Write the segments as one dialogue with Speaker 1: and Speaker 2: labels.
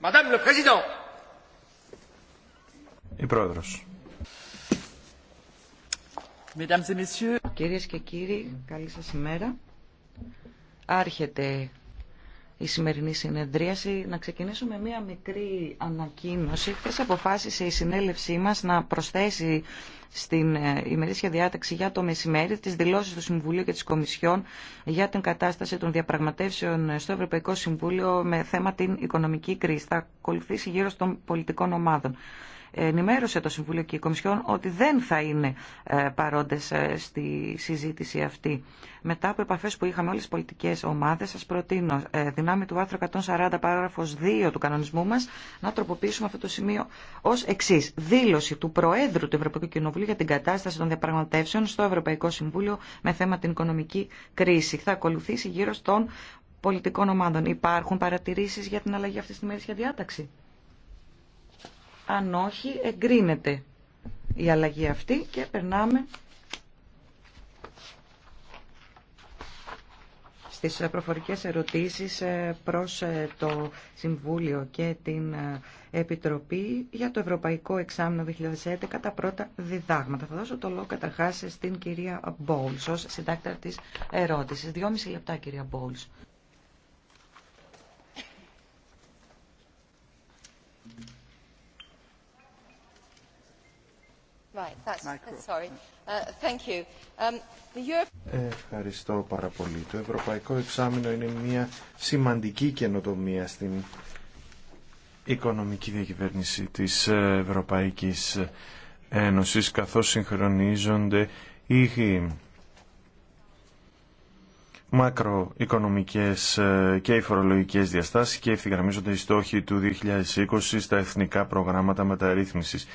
Speaker 1: Madame le Président. Η Πρόεδρος.
Speaker 2: Κυρίες και κύριοι, καλή σας ημέρα. Άρχεται η σημερινή συνεδρίαση. Να ξεκινήσουμε μία μικρή ανακοίνωση. Χθε αποφάσισε η συνέλευσή μας να προσθέσει στην ε, ημερήσια διάταξη για το μεσημέρι τις δηλώσεις του Συμβουλίου και τη Κομισιόν για την κατάσταση των διαπραγματεύσεων στο Ευρωπαϊκό Συμβούλιο με θέμα την οικονομική κρίση. Θα ακολουθήσει γύρω των πολιτικών ομάδων ενημέρωσε το Συμβούλιο και η Κομισιόν ότι δεν θα είναι ε, παρόντες ε, στη συζήτηση αυτή. Μετά από επαφές που είχαμε όλες τις πολιτικές ομάδες, σας προτείνω ε, δυνάμει του άρθρου 140 παράγραφος 2 του κανονισμού μας να τροποποιήσουμε αυτό το σημείο ως εξή. Δήλωση του Προέδρου του Ευρωπαϊκού Κοινοβουλίου για την κατάσταση των διαπραγματεύσεων στο Ευρωπαϊκό Συμβούλιο με θέμα την οικονομική κρίση. Θα ακολουθήσει γύρω των πολιτικών ομάδων. Υπάρχουν παρατηρήσεις για την αλλαγή αυτής της μέρης για διάταξη. Αν όχι, εγκρίνεται η αλλαγή αυτή και περνάμε στις ε, προφορικές ερωτήσεις ε, προς ε, το Συμβούλιο και την Επιτροπή για το Ευρωπαϊκό Εξάμεινο 2011 τα πρώτα διδάγματα. Θα δώσω το λόγο καταρχάς στην κυρία Μπόλς ως συντάκτρα της ερώτησης. Δυόμιση λεπτά κυρία Μπόλς.
Speaker 3: Uh, um, Ευχαριστώ πάρα πολύ. Το Ευρωπαϊκό Εξάμεινο είναι μια σημαντική καινοτομία στην οικονομική διακυβέρνηση της Ευρωπαϊκής Ένωσης καθώς συγχρονίζονται οι μακροοικονομικές και οι φορολογικές διαστάσεις και ευθυγραμμίζονται οι στόχοι του 2020 στα εθνικά προγράμματα μεταρρύθμισης.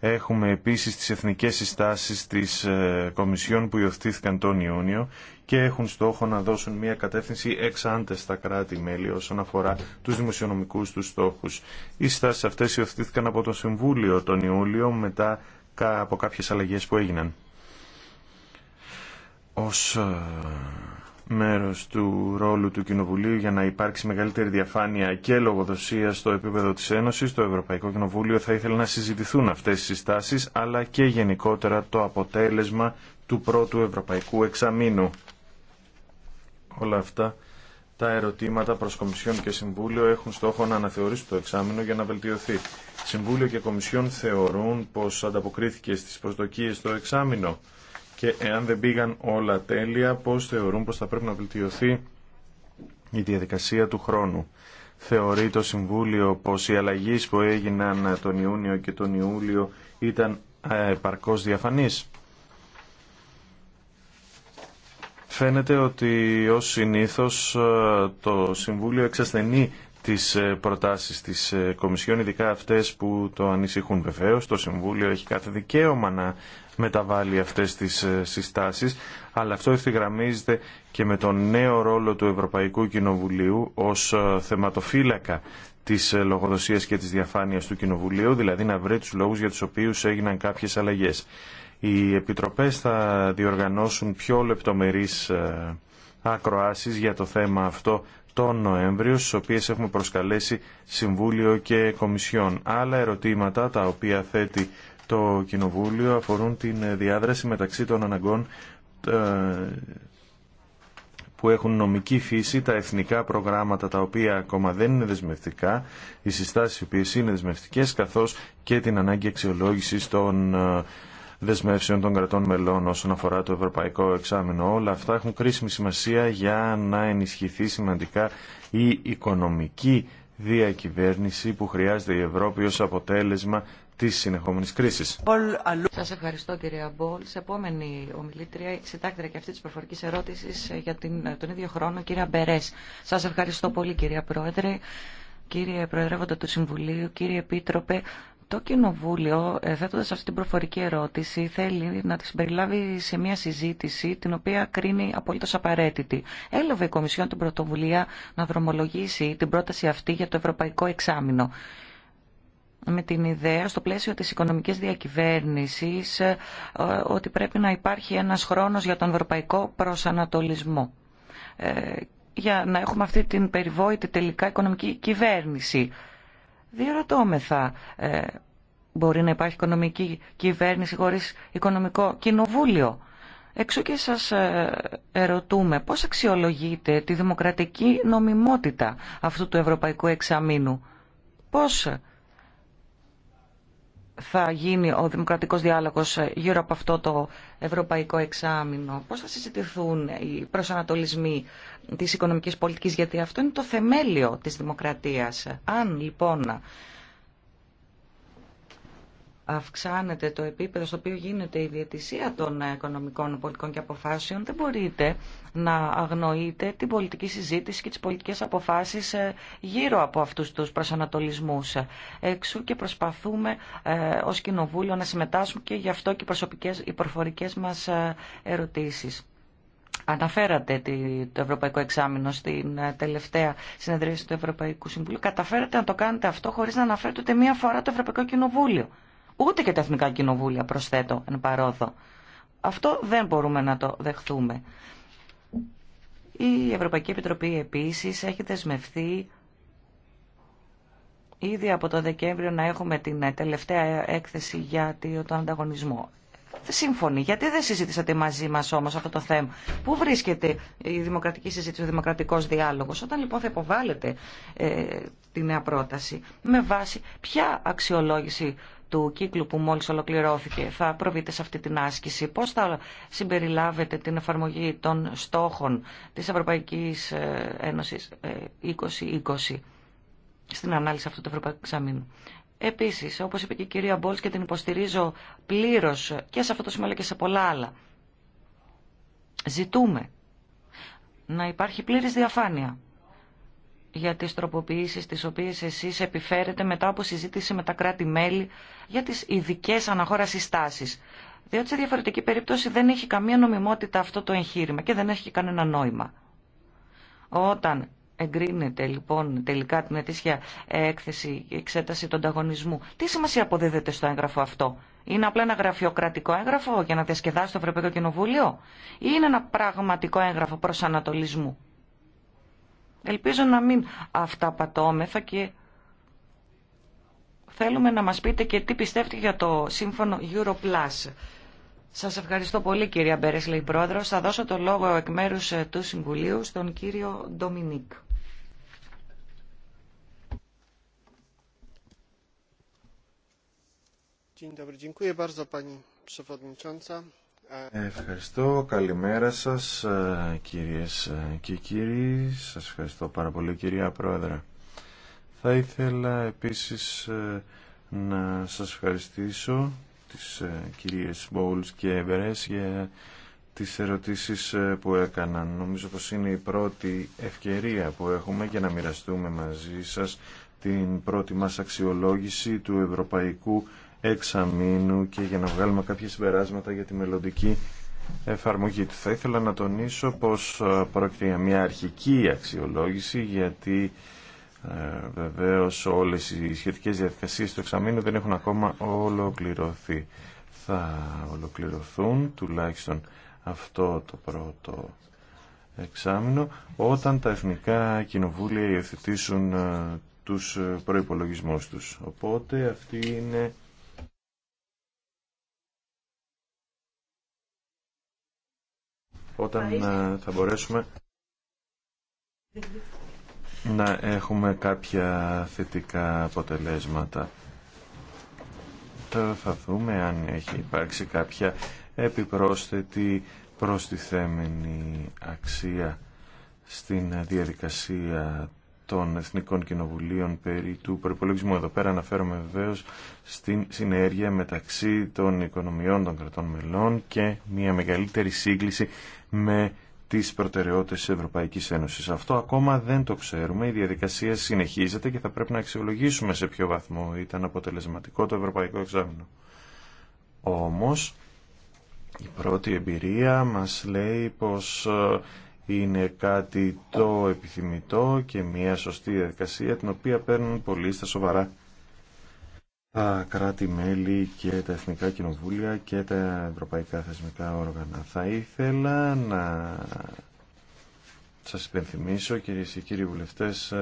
Speaker 3: Έχουμε επίσης τις εθνικές συστάσεις της ε, Κομισιόν που υιοθετήθηκαν τον Ιούνιο και έχουν στόχο να δώσουν μια κατεύθυνση εξ στα κράτη-μέλη όσον αφορά τους δημοσιονομικούς τους στόχους. Οι συστάσεις αυτές υιοθήθηκαν από το Συμβούλιο τον Ιούλιο μετά από κάποιες αλλαγές που έγιναν. Ως ε, μέρος του ρόλου του Κοινοβουλίου για να υπάρξει μεγαλύτερη διαφάνεια και λογοδοσία στο επίπεδο της Ένωσης, το Ευρωπαϊκό Κοινοβούλιο θα ήθελε να συζητηθούν αυτές οι συστάσεις, αλλά και γενικότερα το αποτέλεσμα του πρώτου Ευρωπαϊκού Εξαμήνου. Όλα αυτά τα ερωτήματα προς Κομισιόν και Συμβούλιο έχουν στόχο να αναθεωρήσουν το εξάμεινο για να βελτιωθεί. Συμβούλιο και Κομισιόν θεωρούν πως ανταποκρίθηκε στι προσδοκίε το εξάμεινο και εάν δεν πήγαν όλα τέλεια, πώς θεωρούν πως θα πρέπει να βελτιωθεί η διαδικασία του χρόνου. Θεωρεί το Συμβούλιο πως οι αλλαγές που έγιναν τον Ιούνιο και τον Ιούλιο ήταν παρκώς διαφανείς. Φαίνεται ότι ως συνήθως το Συμβούλιο εξασθενεί τις ε, προτάσεις της ε, Κομισιόν, ειδικά αυτές που το ανησυχούν βεβαίως. Το Συμβούλιο έχει κάθε δικαίωμα να μεταβάλει αυτές τις ε, συστάσεις, αλλά αυτό ευθυγραμμίζεται και με τον νέο ρόλο του Ευρωπαϊκού Κοινοβουλίου ως ε, θεματοφύλακα της ε, λογοδοσίας και της διαφάνειας του Κοινοβουλίου, δηλαδή να βρει τους λόγους για τους οποίους έγιναν κάποιες αλλαγές. Οι επιτροπές θα διοργανώσουν πιο λεπτομερείς ακροάσεις για το θέμα αυτό τον Νοέμβριο, στις οποίες έχουμε προσκαλέσει Συμβούλιο και Κομισιόν. Άλλα ερωτήματα τα οποία θέτει το Κοινοβούλιο αφορούν την διάδραση μεταξύ των αναγκών ε, που έχουν νομική φύση, τα εθνικά προγράμματα τα οποία ακόμα δεν είναι δεσμευτικά, οι συστάσεις οι οποίες είναι δεσμευτικές, καθώς και την ανάγκη αξιολόγησης των ε, δεσμεύσεων των κρατών μελών όσον αφορά το ευρωπαϊκό εξάμεινο. Όλα αυτά έχουν κρίσιμη σημασία για να ενισχυθεί σημαντικά η οικονομική διακυβέρνηση που χρειάζεται η Ευρώπη ως αποτέλεσμα Τη συνεχόμενη κρίσης.
Speaker 2: Σας ευχαριστώ κυρία Μπόλ. Σε επόμενη ομιλήτρια, συντάκτρια και αυτή της προφορικής ερώτησης για την, τον ίδιο χρόνο, κυρία Μπερέ. Σας ευχαριστώ πολύ κυρία Πρόεδρε, κύριε Προεδρεύοντα του Συμβουλίου, κύριε Επίτροπε. Το Κοινοβούλιο, ε, θέτοντα αυτή την προφορική ερώτηση, θέλει να τη συμπεριλάβει σε μια συζήτηση την οποία κρίνει απολύτω απαραίτητη. Έλαβε η Κομισιόν την πρωτοβουλία να δρομολογήσει την πρόταση αυτή για το Ευρωπαϊκό Εξάμεινο με την ιδέα στο πλαίσιο της οικονομικής διακυβέρνησης ε, ότι πρέπει να υπάρχει ένας χρόνος για τον ευρωπαϊκό προσανατολισμό ε, για να έχουμε αυτή την περιβόητη τελικά οικονομική κυβέρνηση. Διερωτώμεθα, ε, μπορεί να υπάρχει οικονομική κυβέρνηση χωρίς οικονομικό κοινοβούλιο. Εξού και σας ε, ερωτούμε πώς αξιολογείτε τη δημοκρατική νομιμότητα αυτού του ευρωπαϊκού εξαμήνου. Πώς θα γίνει ο δημοκρατικός διάλογος γύρω από αυτό το ευρωπαϊκό εξάμεινο, πώς θα συζητηθούν οι προσανατολισμοί της οικονομικής πολιτικής, γιατί αυτό είναι το θεμέλιο της δημοκρατίας. Αν λοιπόν αυξάνεται το επίπεδο στο οποίο γίνεται η διαιτησία των ε, οικονομικών πολιτικών και αποφάσεων, δεν μπορείτε να αγνοείτε την πολιτική συζήτηση και τις πολιτικές αποφάσεις ε, γύρω από αυτούς τους προσανατολισμούς. Εξού και προσπαθούμε ε, ως Κοινοβούλιο να συμμετάσχουμε και γι' αυτό και οι, προσωπικές, οι προφορικές μας ερωτήσεις. Αναφέρατε το Ευρωπαϊκό Εξάμεινο στην τελευταία συνεδρίαση του Ευρωπαϊκού Συμβουλίου. Καταφέρατε να το κάνετε αυτό χωρίς να αναφέρετε ούτε μία φορά το Ευρωπαϊκό Κοινοβούλιο ούτε και τα εθνικά κοινοβούλια προσθέτω εν παρόδο. Αυτό δεν μπορούμε να το δεχθούμε. Η Ευρωπαϊκή Επιτροπή επίσης έχει δεσμευθεί ήδη από το Δεκέμβριο να έχουμε την τελευταία έκθεση για τον ανταγωνισμό. Σύμφωνοι, γιατί δεν συζήτησατε μαζί μα όμω αυτό το θέμα. Πού βρίσκεται η δημοκρατική συζήτηση, ο δημοκρατικό διάλογο, όταν λοιπόν θα υποβάλλετε ε, τη νέα πρόταση, με βάση ποια αξιολόγηση του κύκλου που μόλι ολοκληρώθηκε θα προβείτε σε αυτή την άσκηση. Πώς θα συμπεριλάβετε την εφαρμογή των στόχων της Ευρωπαϊκής ε, Ένωσης 2020 ε, στην ανάλυση αυτού του Ευρωπαϊκού Εξαμήνου. Επίσης, όπως είπε και η κυρία Μπόλς και την υποστηρίζω πλήρως και σε αυτό το σημείο και σε πολλά άλλα, ζητούμε να υπάρχει πλήρης διαφάνεια για τις τροποποιήσεις τις οποίες εσείς επιφέρετε μετά από συζήτηση με τα κράτη-μέλη για τις ειδικέ αναχώρασεις τάσεις. Διότι σε διαφορετική περίπτωση δεν έχει καμία νομιμότητα αυτό το εγχείρημα και δεν έχει κανένα νόημα. Όταν εγκρίνεται λοιπόν τελικά την αιτήσια έκθεση και εξέταση του ανταγωνισμού, τι σημασία αποδίδεται στο έγγραφο αυτό. Είναι απλά ένα γραφειοκρατικό έγγραφο για να διασκεδάσει το Ευρωπαϊκό Κοινοβούλιο ή είναι ένα πραγματικό έγγραφο προς ανατολισμού. Ελπίζω να μην αυτά και θέλουμε να μας πείτε και τι πιστεύετε για το σύμφωνο Europlus. Σας ευχαριστώ πολύ κυρία Μπέρες, λέει πρόεδρος. Θα δώσω το λόγο εκ μέρους ε, του Συμβουλίου στον κύριο Ντομινίκ.
Speaker 3: Dzień dobry, dziękuję bardzo Pani Przewodnicząca. Ευχαριστώ. Καλημέρα σας ε, κυρίες ε, και κύριοι. Σας ευχαριστώ πάρα πολύ κυρία Πρόεδρε. Θα ήθελα επίσης ε, να σας ευχαριστήσω τις κυρίες Μπόουλς και Εμπερές, για τις ερωτήσεις που έκαναν. Νομίζω πως είναι η πρώτη ευκαιρία που έχουμε για να μοιραστούμε μαζί σας την πρώτη μας αξιολόγηση του Ευρωπαϊκού εξαμήνου και για να βγάλουμε κάποια συμπεράσματα για τη μελλοντική εφαρμογή του. Θα ήθελα να τονίσω πως ε, πρόκειται για μια αρχική αξιολόγηση γιατί ε, βεβαίως όλες οι σχετικές διαδικασίες του εξαμήνου δεν έχουν ακόμα ολοκληρωθεί. Θα ολοκληρωθούν τουλάχιστον αυτό το πρώτο εξάμεινο όταν τα εθνικά κοινοβούλια υιοθετήσουν ε, τους ε, προϋπολογισμούς τους. Οπότε αυτή είναι όταν ε, θα μπορέσουμε να έχουμε κάποια θετικά αποτελέσματα. Τώρα θα δούμε αν έχει υπάρξει κάποια επιπρόσθετη προστιθέμενη αξία στην διαδικασία των Εθνικών Κοινοβουλίων περί του προπολογισμού. Εδώ πέρα αναφέρομαι βεβαίω στην συνέργεια μεταξύ των οικονομιών των κρατών μελών και μια μεγαλύτερη σύγκληση με τις προτεραιότητες της Ευρωπαϊκής Ένωσης. Αυτό ακόμα δεν το ξέρουμε. Η διαδικασία συνεχίζεται και θα πρέπει να αξιολογήσουμε σε ποιο βαθμό ήταν αποτελεσματικό το Ευρωπαϊκό Εξάμεινο. Όμως, η πρώτη εμπειρία μας λέει πως ε, είναι κάτι το επιθυμητό και μια σωστή διαδικασία την οποία παίρνουν πολλοί στα σοβαρά τα κράτη-μέλη και τα εθνικά κοινοβούλια και τα ευρωπαϊκά θεσμικά όργανα. Θα ήθελα να σας υπενθυμίσω κυρίες και κύριοι βουλευτές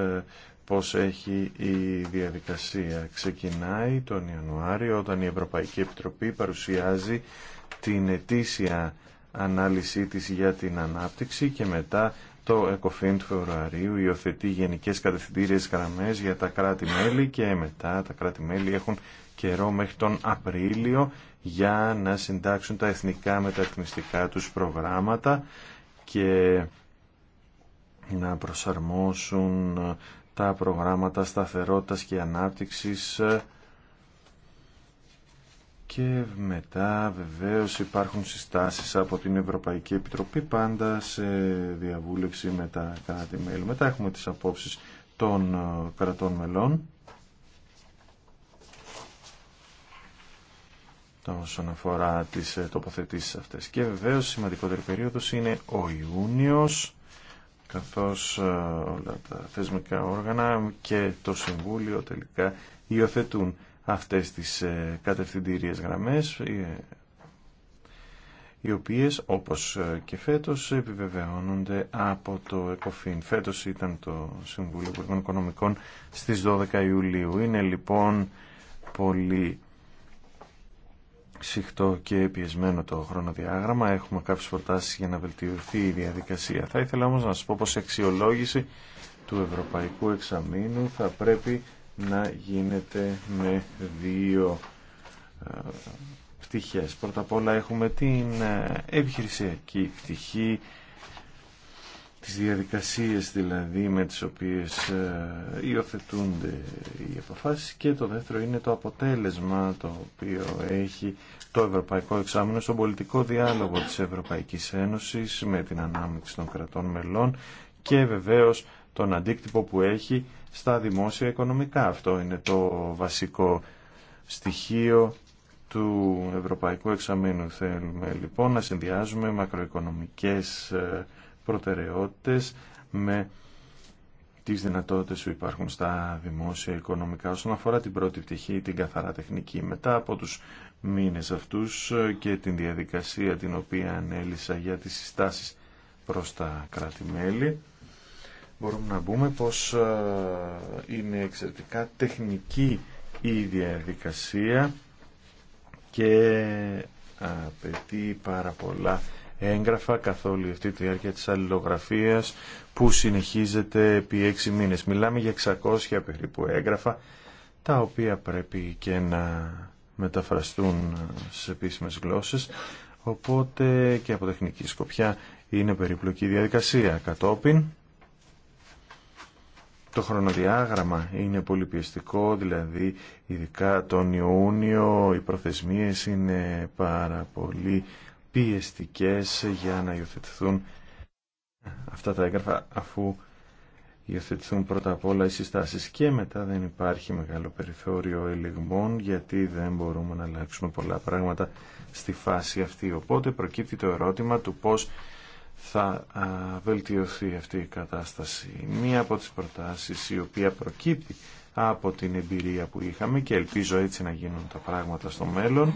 Speaker 3: πώς έχει η διαδικασία. Ξεκινάει τον Ιανουάριο όταν η Ευρωπαϊκή Επιτροπή παρουσιάζει την ετήσια ανάλυση της για την ανάπτυξη και μετά το ΕΚΟΦΗΝ του Φεβρουαρίου υιοθετεί γενικές κατευθυντήριες γραμμέ για τα κράτη-μέλη και μετά τα κράτη-μέλη έχουν καιρό μέχρι τον Απρίλιο για να συντάξουν τα εθνικά μεταρρυθμιστικά τους προγράμματα και να προσαρμόσουν τα προγράμματα σταθερότητας και ανάπτυξης και μετά βεβαίως υπάρχουν συστάσεις από την Ευρωπαϊκή Επιτροπή πάντα σε διαβούλευση με τα κράτη μέλη. Μετά έχουμε τις απόψεις των ε, κρατών μελών. όσον αφορά τις ε, τοποθετήσεις αυτές. Και βεβαίως σημαντικότερη περίοδος είναι ο Ιούνιος, καθώς ε, όλα τα θεσμικά όργανα και το Συμβούλιο τελικά υιοθετούν αυτές τις ε, κατευθυντήριες γραμμές ε, οι οποίες όπως ε, και φέτος επιβεβαιώνονται από το ΕΚΟΦΗΝ. Φέτος ήταν το Συμβούλιο Υπουργών Οικονομικών στις 12 Ιουλίου. Είναι λοιπόν πολύ συχτό και πιεσμένο το χρονοδιάγραμμα. Έχουμε κάποιες προτάσεις για να βελτιωθεί η διαδικασία. Θα ήθελα όμως να σας πω πως η αξιολόγηση του Ευρωπαϊκού Εξαμήνου θα πρέπει να γίνεται με δύο ε, πτυχές. Πρώτα απ' όλα έχουμε την ε, επιχειρησιακή πτυχή, τις διαδικασίες δηλαδή με τις οποίες ε, υιοθετούνται οι αποφάσεις και το δεύτερο είναι το αποτέλεσμα το οποίο έχει το Ευρωπαϊκό Εξάμεινο στον πολιτικό διάλογο της Ευρωπαϊκής Ένωσης με την ανάμειξη των κρατών μελών και βεβαίως τον αντίκτυπο που έχει στα δημόσια οικονομικά. Αυτό είναι το βασικό στοιχείο του Ευρωπαϊκού Εξαμήνου. Θέλουμε λοιπόν να συνδυάζουμε μακροοικονομικές ε, προτεραιότητες με τις δυνατότητες που υπάρχουν στα δημόσια οικονομικά όσον αφορά την πρώτη πτυχή, την καθαρά τεχνική. Μετά από τους μήνες αυτούς ε, και την διαδικασία την οποία ανέλησα για τις συστάσεις προς τα κράτη-μέλη, μπορούμε να πούμε πως ε, είναι εξαιρετικά τεχνική η διαδικασία και απαιτεί πάρα πολλά έγγραφα καθ' όλη αυτή τη διάρκεια της αλληλογραφίας που συνεχίζεται επί έξι μήνες. Μιλάμε για 600 περίπου έγγραφα τα οποία πρέπει και να μεταφραστούν σε επίσημες γλώσσες οπότε και από τεχνική σκοπιά είναι περιπλοκή διαδικασία. Κατόπιν το χρονοδιάγραμμα είναι πολύ πιεστικό, δηλαδή ειδικά τον Ιούνιο οι προθεσμίες είναι πάρα πολύ πιεστικές για να υιοθετηθούν αυτά τα έγγραφα αφού υιοθετηθούν πρώτα απ' όλα οι συστάσεις και μετά δεν υπάρχει μεγάλο περιθώριο ελιγμών γιατί δεν μπορούμε να αλλάξουμε πολλά πράγματα στη φάση αυτή. Οπότε προκύπτει το ερώτημα του πώς θα βελτιωθεί αυτή η κατάσταση. Μία από τις προτάσεις η οποία προκύπτει από την εμπειρία που είχαμε και ελπίζω έτσι να γίνουν τα πράγματα στο μέλλον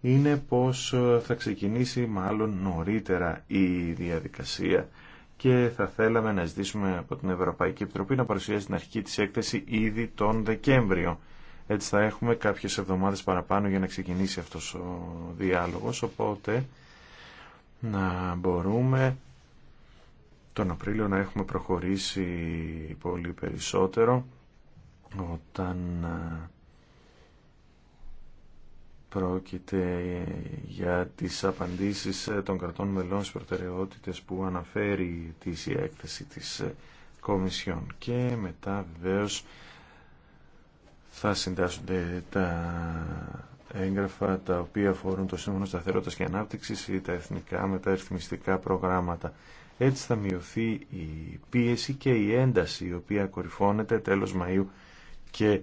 Speaker 3: είναι πως θα ξεκινήσει μάλλον νωρίτερα η διαδικασία και θα θέλαμε να ζητήσουμε από την Ευρωπαϊκή Επιτροπή να παρουσιάσει την αρχική της έκθεση ήδη τον Δεκέμβριο. Έτσι θα έχουμε κάποιες εβδομάδες παραπάνω για να ξεκινήσει αυτός ο διάλογος, οπότε να μπορούμε τον Απρίλιο να έχουμε προχωρήσει πολύ περισσότερο όταν ε, πρόκειται για τις απαντήσεις ε, των κρατών μελών στις προτεραιότητες που αναφέρει η έκθεση της ε, Κομισιόν. Και μετά βεβαίως θα συντάσσονται τα έγγραφα τα οποία αφορούν το Σύμφωνο Σταθερότητα και ανάπτυξη ή τα εθνικά, μεταρθυστικά προγράμματα. Έτσι θα μειωθεί η πίεση και η ένταση η οποία κορυφώνεται τέλος Μαΐου και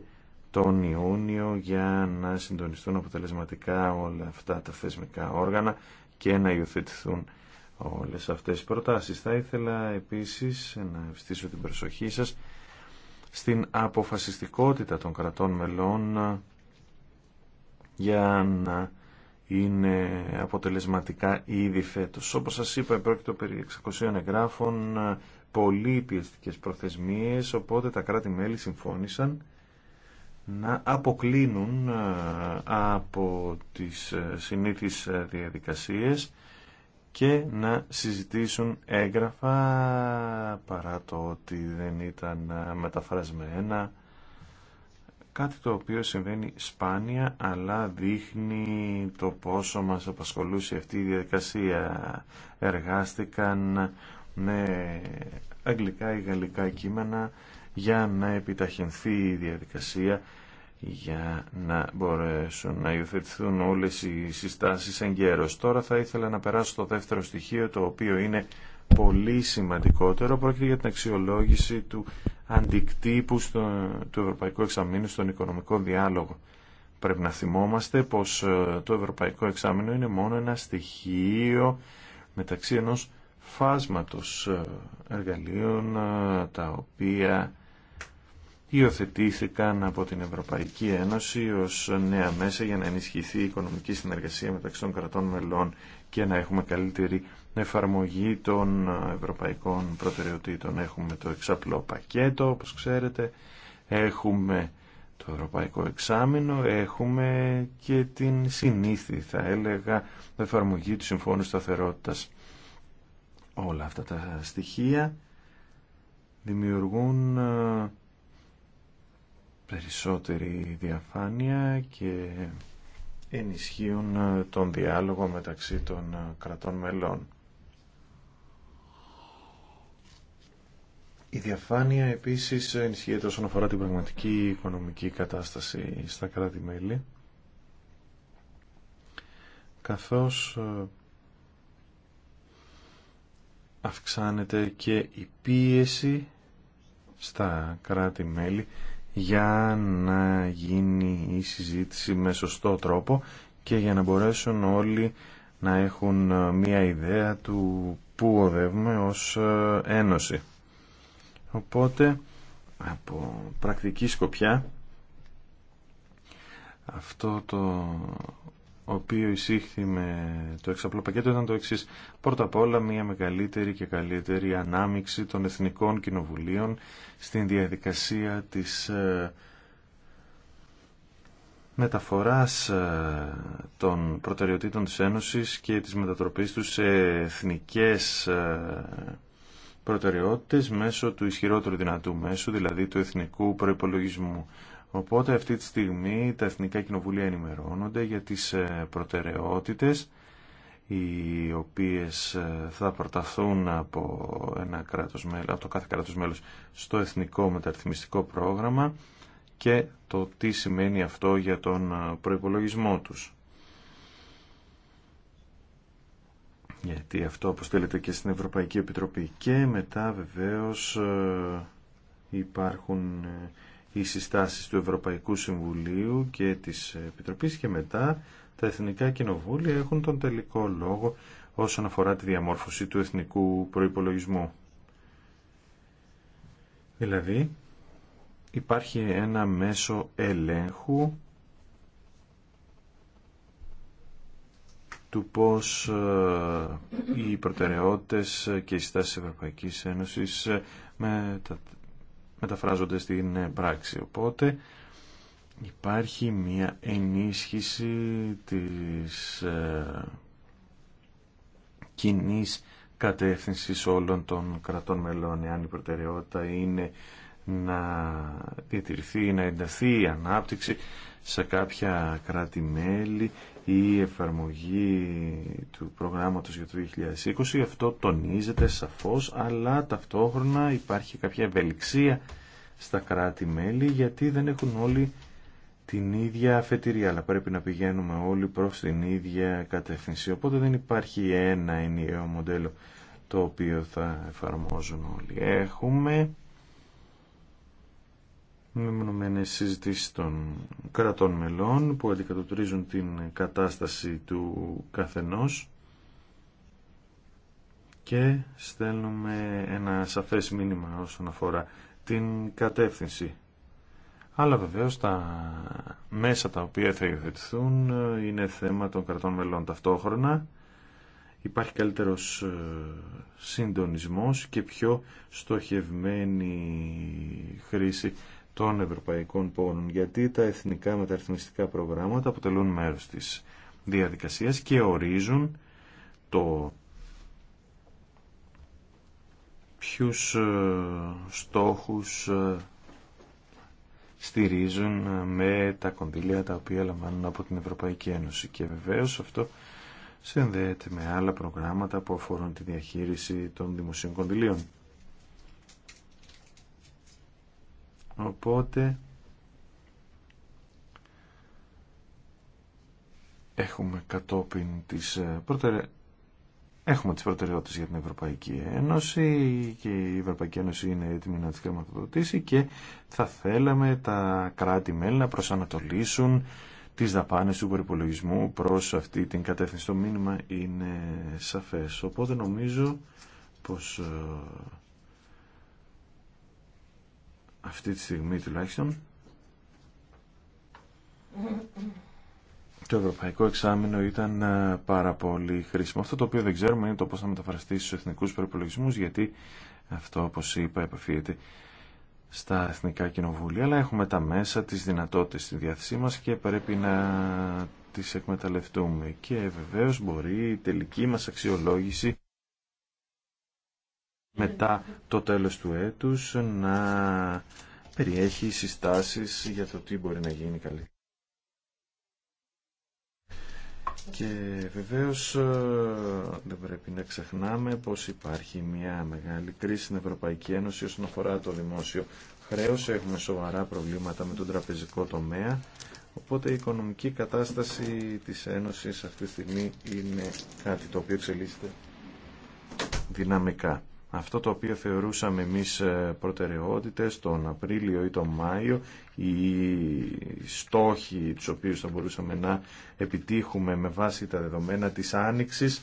Speaker 3: τον Ιούνιο για να συντονιστούν αποτελεσματικά όλα αυτά τα θεσμικά όργανα και να υιοθετηθούν όλες αυτές οι προτάσεις. Θα ήθελα επίσης να ευστήσω την προσοχή σας στην αποφασιστικότητα των κρατών μελών για να είναι αποτελεσματικά ήδη φέτος. Όπως σας είπα, πρόκειται περί 600 εγγράφων, πολύ πιεστικές προθεσμίες, οπότε τα κράτη-μέλη συμφώνησαν να αποκλίνουν ε, από τις ε, συνήθεις ε, διαδικασίες και να συζητήσουν έγγραφα παρά το ότι δεν ήταν μεταφρασμένα κάτι το οποίο συμβαίνει σπάνια αλλά δείχνει το πόσο μας απασχολούσε αυτή η διαδικασία. Εργάστηκαν με αγγλικά ή γαλλικά κείμενα για να επιταχυνθεί η διαδικασία για να μπορέσουν να υιοθετηθούν όλες οι συστάσεις εγκαίρως. Τώρα θα ήθελα να περάσω στο δεύτερο στοιχείο το οποίο είναι πολύ σημαντικότερο πρόκειται για την αξιολόγηση του αντικτύπου στο, του Ευρωπαϊκού Εξαμήνου στον οικονομικό διάλογο. Πρέπει να θυμόμαστε πως ε, το Ευρωπαϊκό Εξάμεινο είναι μόνο ένα στοιχείο μεταξύ ενός φάσματος ε, εργαλείων ε, τα οποία υιοθετήθηκαν από την Ευρωπαϊκή Ένωση ως νέα μέσα για να ενισχυθεί η οικονομική συνεργασία μεταξύ των κρατών μελών και να έχουμε καλύτερη εφαρμογή των ευρωπαϊκών προτεραιοτήτων. Έχουμε το εξαπλό πακέτο, όπως ξέρετε, έχουμε το ευρωπαϊκό εξάμεινο, έχουμε και την συνήθη, θα έλεγα, εφαρμογή του Συμφώνου Σταθερότητας. Όλα αυτά τα στοιχεία δημιουργούν ε, περισσότερη διαφάνεια και ενισχύουν ε, τον διάλογο μεταξύ των ε, κρατών μελών. Η διαφάνεια επίσης ενισχύεται όσον αφορά την πραγματική οικονομική κατάσταση στα κράτη-μέλη καθώς ε, αυξάνεται και η πίεση στα κράτη-μέλη για να γίνει η συζήτηση με σωστό τρόπο και για να μπορέσουν όλοι να έχουν ε, μία ιδέα του πού οδεύουμε ως ε, Ένωση. Οπότε, από πρακτική σκοπιά, αυτό το οποίο εισήχθη με το εξαπλό πακέτο ήταν το εξής. Πρώτα απ' όλα, μια μεγαλύτερη και καλύτερη ανάμιξη των εθνικών κοινοβουλίων στην διαδικασία της ε, μεταφοράς ε, των προτεραιοτήτων της Ένωσης και της μετατροπής τους σε εθνικές ε, προτεραιότητες μέσω του ισχυρότερου δυνατού μέσου, δηλαδή του εθνικού προϋπολογισμού. Οπότε αυτή τη στιγμή τα Εθνικά Κοινοβούλια ενημερώνονται για τις ε, προτεραιότητες οι οποίες ε, θα προταθούν από, ένα κράτος, από το κάθε κράτος μέλος στο Εθνικό Μεταρρυθμιστικό Πρόγραμμα και το τι σημαίνει αυτό για τον ε, προϋπολογισμό τους. γιατί αυτό αποστέλλεται και στην Ευρωπαϊκή Επιτροπή. Και μετά βεβαίως ε, υπάρχουν ε, οι συστάσεις του Ευρωπαϊκού Συμβουλίου και της Επιτροπής και μετά τα Εθνικά Κοινοβούλια έχουν τον τελικό λόγο όσον αφορά τη διαμόρφωση του εθνικού προϋπολογισμού. Δηλαδή υπάρχει ένα μέσο ελέγχου του πώς ε, οι προτεραιότητες και οι στάσεις της Ευρωπαϊκής Ένωσης ε, μεταφράζονται στην ε, πράξη. Οπότε υπάρχει μια ενίσχυση της κοινή κατεύθυνση όλων των κρατών μελών, εάν η προτεραιότητα είναι να διατηρηθεί, να ενταθεί η ανάπτυξη σε κάποια κράτη-μέλη η εφαρμογή του προγράμματος για το 2020. Αυτό τονίζεται σαφώς, αλλά ταυτόχρονα υπάρχει κάποια ευελιξία στα κράτη-μέλη γιατί δεν έχουν όλοι την ίδια αφετηρία, αλλά πρέπει να πηγαίνουμε όλοι προς την ίδια κατεύθυνση. Οπότε δεν υπάρχει ένα ενιαίο μοντέλο το οποίο θα εφαρμόζουν όλοι. Έχουμε μεμονωμένες συζητήσεις των κρατών μελών που αντικατοπτρίζουν την κατάσταση του καθενός και στέλνουμε ένα σαφές μήνυμα όσον αφορά την κατεύθυνση. Αλλά βεβαίως τα μέσα τα οποία θα υιοθετηθούν είναι θέμα των κρατών μελών ταυτόχρονα. Υπάρχει καλύτερος ε, συντονισμός και πιο στοχευμένη χρήση των ευρωπαϊκών πόνων γιατί τα εθνικά μεταρρυθμιστικά προγράμματα αποτελούν μέρος της διαδικασίας και ορίζουν το ποιους ε, στόχους ε, στηρίζουν ε, με τα κονδύλια τα οποία λαμβάνουν από την Ευρωπαϊκή Ένωση και βεβαίως αυτό συνδέεται με άλλα προγράμματα που αφορούν τη διαχείριση των δημοσίων κονδυλίων. Οπότε έχουμε κατόπιν τις ε, Έχουμε τις προτεραιότητες για την Ευρωπαϊκή Ένωση και η Ευρωπαϊκή Ένωση είναι έτοιμη να τις χρηματοδοτήσει και θα θέλαμε τα κράτη-μέλη να προσανατολίσουν τις δαπάνες του προπολογισμού προς αυτή την κατεύθυνση. Το μήνυμα είναι σαφές. Οπότε νομίζω πως ε, αυτή τη στιγμή τουλάχιστον το ευρωπαϊκό εξάμεινο ήταν ε, πάρα πολύ χρήσιμο. Αυτό το οποίο δεν ξέρουμε είναι το πώς θα μεταφραστεί στους εθνικούς προπολογισμούς γιατί αυτό όπως είπα επαφίεται στα εθνικά κοινοβούλια αλλά έχουμε τα μέσα, τις δυνατότητες στη διάθεσή μας και πρέπει να τις εκμεταλλευτούμε και βεβαίως μπορεί η τελική μας αξιολόγηση μετά το τέλος του έτους να περιέχει συστάσεις για το τι μπορεί να γίνει καλύτερα. Και βεβαίως ε, δεν πρέπει να ξεχνάμε πως υπάρχει μια μεγάλη κρίση στην Ευρωπαϊκή Ένωση όσον αφορά το δημόσιο χρέος. Έχουμε σοβαρά προβλήματα με τον τραπεζικό τομέα. Οπότε η οικονομική κατάσταση της Ένωσης αυτή τη στιγμή είναι κάτι το οποίο εξελίσσεται δυναμικά αυτό το οποίο θεωρούσαμε εμείς ε, προτεραιότητες τον Απρίλιο ή τον Μάιο οι στόχοι τους οποίους θα μπορούσαμε να επιτύχουμε με βάση τα δεδομένα της άνοιξης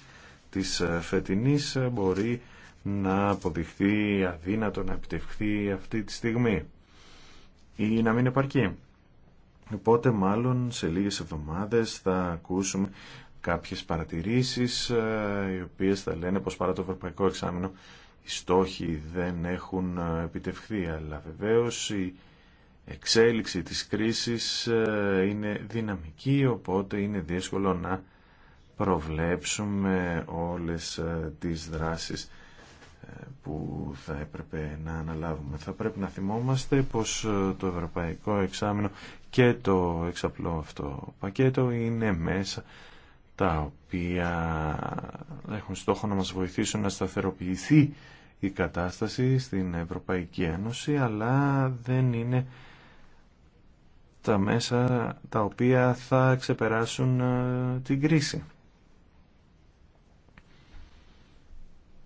Speaker 3: της ε, φετινής ε, μπορεί να αποδειχθεί αδύνατο να επιτευχθεί αυτή τη στιγμή ή να μην επαρκεί. Οπότε μάλλον σε λίγες εβδομάδες θα ακούσουμε κάποιες παρατηρήσεις οι οποίες θα λένε πως παρά το ευρωπαϊκό εξάμεινο οι στόχοι δεν έχουν ε, επιτευχθεί, αλλά βεβαίως η εξέλιξη της κρίσης ε, είναι δυναμική, οπότε είναι δύσκολο να προβλέψουμε όλες ε, τις δράσεις που θα έπρεπε να αναλάβουμε. Θα πρέπει να θυμόμαστε πως το Ευρωπαϊκό Εξάμεινο και το εξαπλό αυτό πακέτο είναι μέσα τα οποία έχουν στόχο να μας βοηθήσουν να σταθεροποιηθεί η κατάσταση στην Ευρωπαϊκή Ένωση, αλλά δεν είναι τα μέσα τα οποία θα ξεπεράσουν ε, την κρίση.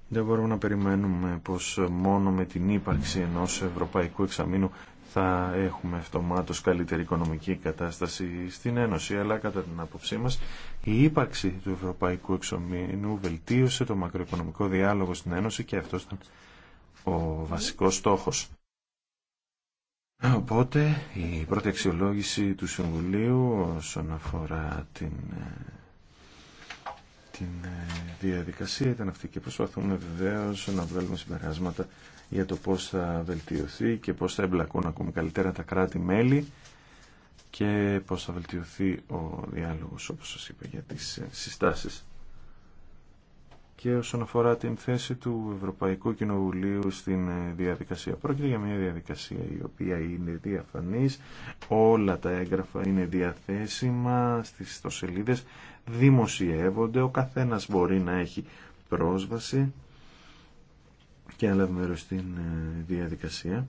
Speaker 3: Δεν μπορούμε να περιμένουμε πως μόνο με την ύπαρξη ενός ευρωπαϊκού εξαμήνου θα έχουμε αυτομάτως καλύτερη οικονομική κατάσταση στην Ένωση, αλλά κατά την άποψή μας η ύπαρξη του Ευρωπαϊκού Εξωμήνου βελτίωσε το μακροοικονομικό διάλογο στην Ένωση και αυτός ήταν ο βασικός στόχος. Οπότε η πρώτη αξιολόγηση του Συμβουλίου όσον αφορά την, την ε, διαδικασία ήταν αυτή και προσπαθούμε βεβαίως να βγάλουμε συμπεράσματα για το πώς θα βελτιωθεί και πώς θα εμπλακούν ακόμη καλύτερα τα κράτη-μέλη και πώς θα βελτιωθεί ο διάλογος, όπως σας είπα, για τις ε, συστάσεις. Και όσον αφορά την θέση του Ευρωπαϊκού Κοινοβουλίου στην ε, διαδικασία, πρόκειται για μια διαδικασία η οποία είναι διαφανής, όλα τα έγγραφα είναι διαθέσιμα στις ιστοσελίδες, δημοσιεύονται, ο καθένας μπορεί να έχει πρόσβαση και έλαβε μέρος στην ε, διαδικασία.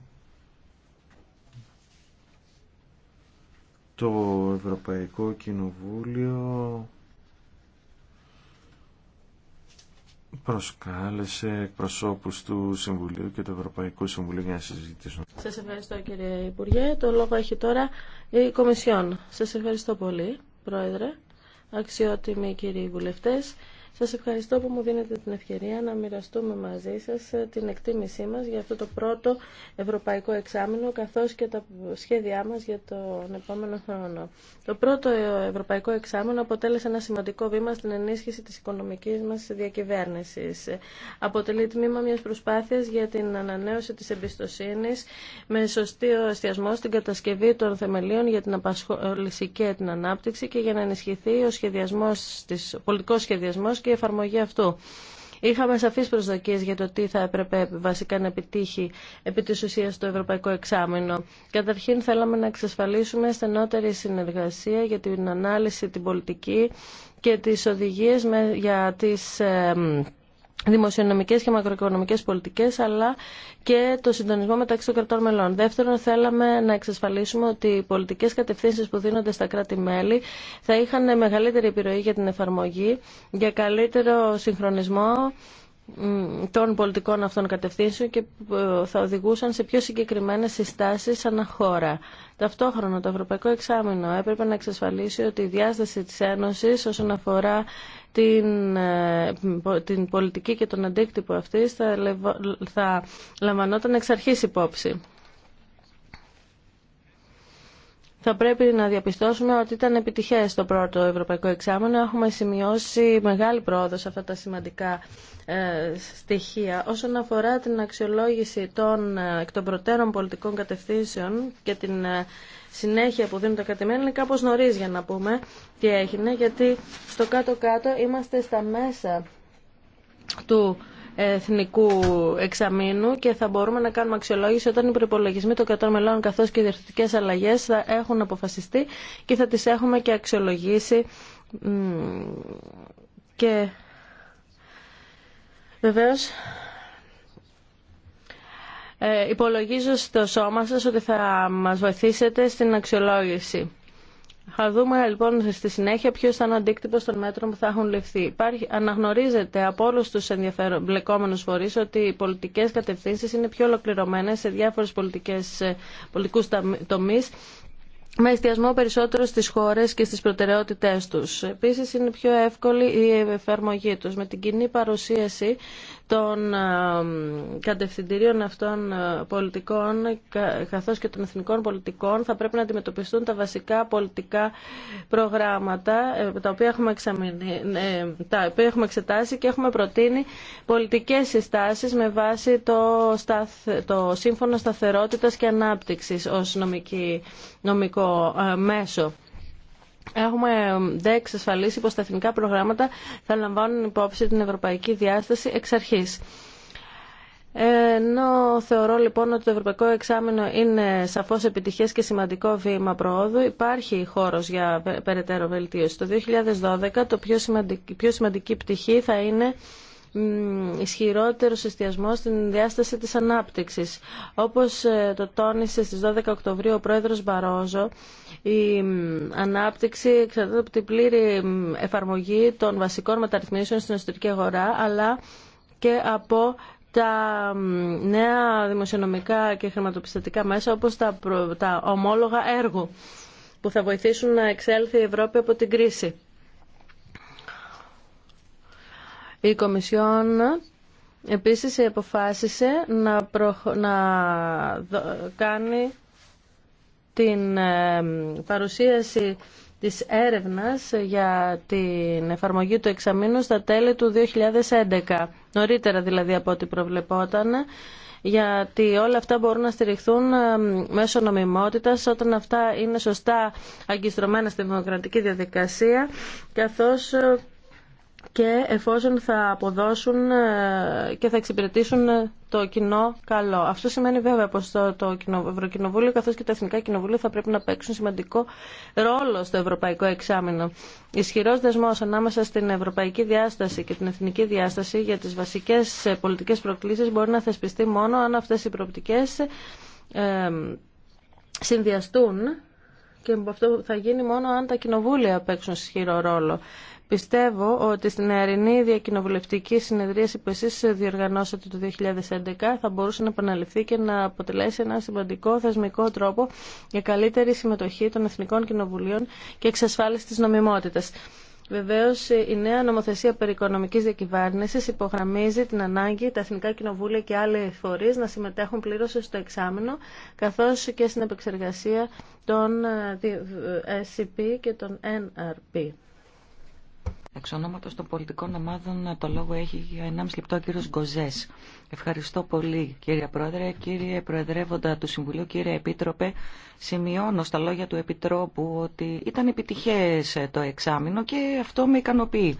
Speaker 3: Το Ευρωπαϊκό Κοινοβούλιο προσκάλεσε εκπροσώπους του Συμβουλίου και του Ευρωπαϊκού Συμβουλίου για να συζητήσουν.
Speaker 4: Σας ευχαριστώ κύριε Υπουργέ. Το λόγο έχει τώρα η Κομισιόν. Σας ευχαριστώ πολύ, Πρόεδρε, αξιότιμοι κύριοι βουλευτές. Σας ευχαριστώ που μου δίνετε την ευκαιρία να μοιραστούμε μαζί σας ε, την εκτίμησή μας για αυτό το πρώτο ευρωπαϊκό εξάμεινο καθώς και τα σχέδιά μας για τον επόμενο χρόνο. Το πρώτο ε, ευρωπαϊκό εξάμεινο αποτέλεσε ένα σημαντικό βήμα στην ενίσχυση της οικονομικής μας διακυβέρνησης. Ε, αποτελεί τμήμα μιας προσπάθειας για την ανανέωση της εμπιστοσύνης με σωστή εστιασμό στην κατασκευή των θεμελίων για την απασχόληση και την ανάπτυξη και για να ενισχυθεί ο σχεδιασμός, πολιτικός σχεδιασμός και η εφαρμογή αυτού. Είχαμε σαφείς προσδοκίες για το τι θα έπρεπε βασικά να επιτύχει επί της ουσίας το Ευρωπαϊκό Εξάμεινο. Καταρχήν θέλαμε να εξασφαλίσουμε στενότερη συνεργασία για την ανάλυση, την πολιτική και τις οδηγίες για τις δημοσιονομικές και μακροοικονομικές πολιτικές αλλά και το συντονισμό μεταξύ των κρατών μελών. Δεύτερον, θέλαμε να εξασφαλίσουμε ότι οι πολιτικές κατευθύνσεις που δίνονται στα κράτη-μέλη θα είχαν μεγαλύτερη επιρροή για την εφαρμογή, για καλύτερο συγχρονισμό των πολιτικών αυτών κατευθύνσεων και ε, θα οδηγούσαν σε πιο συγκεκριμένες συστάσεις αναχώρα. Ταυτόχρονα το Ευρωπαϊκό Εξάμεινο έπρεπε να εξασφαλίσει ότι η διάσταση της Ένωσης όσον αφορά την, ε, την πολιτική και τον αντίκτυπο αυτής θα, θα λαμβανόταν εξ αρχής υπόψη. θα πρέπει να διαπιστώσουμε ότι ήταν επιτυχές το πρώτο ευρωπαϊκό εξάμεινο. Έχουμε σημειώσει μεγάλη πρόοδο σε αυτά τα σημαντικά ε, στοιχεία. Όσον αφορά την αξιολόγηση των ε, εκ των προτέρων πολιτικών κατευθύνσεων και την ε, συνέχεια που δίνουν τα κρατημένα, είναι κάπω νωρί για να πούμε τι έγινε, γιατί στο κάτω-κάτω είμαστε στα μέσα του εθνικού εξαμήνου και θα μπορούμε να κάνουμε αξιολόγηση όταν οι προπολογισμοί των κρατών μελών καθώς και οι διευθυντικές αλλαγές θα έχουν αποφασιστεί και θα τις έχουμε και αξιολογήσει και βεβαίως ε, υπολογίζω στο σώμα σας ότι θα μας βοηθήσετε στην αξιολόγηση. Θα δούμε λοιπόν στη συνέχεια ποιο θα είναι ο αντίκτυπο των μέτρων που θα έχουν ληφθεί. Υπάρχει, αναγνωρίζεται από όλου του εμπλεκόμενου φορεί ότι οι πολιτικέ κατευθύνσει είναι πιο ολοκληρωμένε σε διάφορου ε, πολιτικού τομεί με εστιασμό περισσότερο στις χώρες και στις προτεραιότητές τους. Επίσης είναι πιο εύκολη η εφαρμογή τους. Με την κοινή παρουσίαση των ε, κατευθυντηρίων αυτών ε, πολιτικών καθώς και των εθνικών πολιτικών θα πρέπει να αντιμετωπιστούν τα βασικά πολιτικά προγράμματα ε, τα οποία έχουμε, τα έχουμε εξετάσει και έχουμε προτείνει πολιτικές συστάσεις με βάση το, το Σύμφωνο Σταθερότητας και Ανάπτυξης ως νομικό μέσο. Έχουμε δε εξασφαλίσει πως τα εθνικά προγράμματα θα λαμβάνουν υπόψη την ευρωπαϊκή διάσταση εξ αρχής. Ενώ θεωρώ λοιπόν ότι το Ευρωπαϊκό Εξάμεινο είναι σαφώς επιτυχές και σημαντικό βήμα προόδου, υπάρχει χώρος για περαιτέρω βελτίωση. Το 2012 το πιο πιο σημαντική πτυχή θα είναι ισχυρότερος εστιασμός στην διάσταση της ανάπτυξης. Όπως ε, το τόνισε στις 12 Οκτωβρίου ο πρόεδρος Μπαρόζο, η ανάπτυξη εξαρτάται από την πλήρη εφαρμογή των βασικών μεταρρυθμίσεων στην εσωτερική αγορά, αλλά και από τα νέα δημοσιονομικά και χρηματοπιστωτικά μέσα όπως τα, τα ομόλογα έργου που θα βοηθήσουν να εξέλθει η Ευρώπη από την κρίση. Η Κομισιόν επίσης αποφάσισε να, να κάνει την ε, παρουσίαση της έρευνας για την εφαρμογή του εξαμήνου στα τέλη του 2011, νωρίτερα δηλαδή από ό,τι προβλεπόταν, γιατί όλα αυτά μπορούν να στηριχθούν ε, μέσω νομιμότητας όταν αυτά είναι σωστά αγκιστρωμένα στη δημοκρατική διαδικασία, καθώς ε, και εφόσον θα αποδώσουν ε, και θα εξυπηρετήσουν ε, το κοινό καλό. Αυτό σημαίνει βέβαια πως το, το Ευρωκοινοβούλιο καθώς και τα Εθνικά Κοινοβούλια θα πρέπει να παίξουν σημαντικό ρόλο στο Ευρωπαϊκό Εξάμεινο. Ισχυρός δεσμός ανάμεσα στην Ευρωπαϊκή Διάσταση και την Εθνική Διάσταση για τις βασικές ε, πολιτικές προκλήσεις μπορεί να θεσπιστεί μόνο αν αυτές οι προοπτικές ε, συνδυαστούν και αυτό θα γίνει μόνο αν τα κοινοβούλια παίξουν ισχυρό ρόλο. Πιστεύω ότι στην αερινή διακοινοβουλευτική συνεδρίαση που εσεί διοργανώσατε το 2011 θα μπορούσε να επαναληφθεί και να αποτελέσει ένα σημαντικό θεσμικό τρόπο για καλύτερη συμμετοχή των Εθνικών Κοινοβουλίων και εξασφάλιση τη νομιμότητα. Βεβαίω, η νέα νομοθεσία περί οικονομική διακυβέρνηση υπογραμμίζει την ανάγκη τα Εθνικά Κοινοβούλια και άλλοι φορεί να συμμετέχουν πλήρω στο εξάμεινο, καθώ και στην επεξεργασία των ε, ε, SCP και των NRP. Εξ ονόματο
Speaker 2: των πολιτικών ομάδων το λόγο έχει για 1,5 λεπτό ο κύριος Γκοζέ. Ευχαριστώ πολύ κύριε Πρόεδρε, κύριε Προεδρεύοντα του Συμβουλίου, κύριε Επίτροπε. Σημειώνω στα λόγια του Επιτρόπου ότι ήταν επιτυχέ ε, το εξάμεινο και αυτό με ικανοποιεί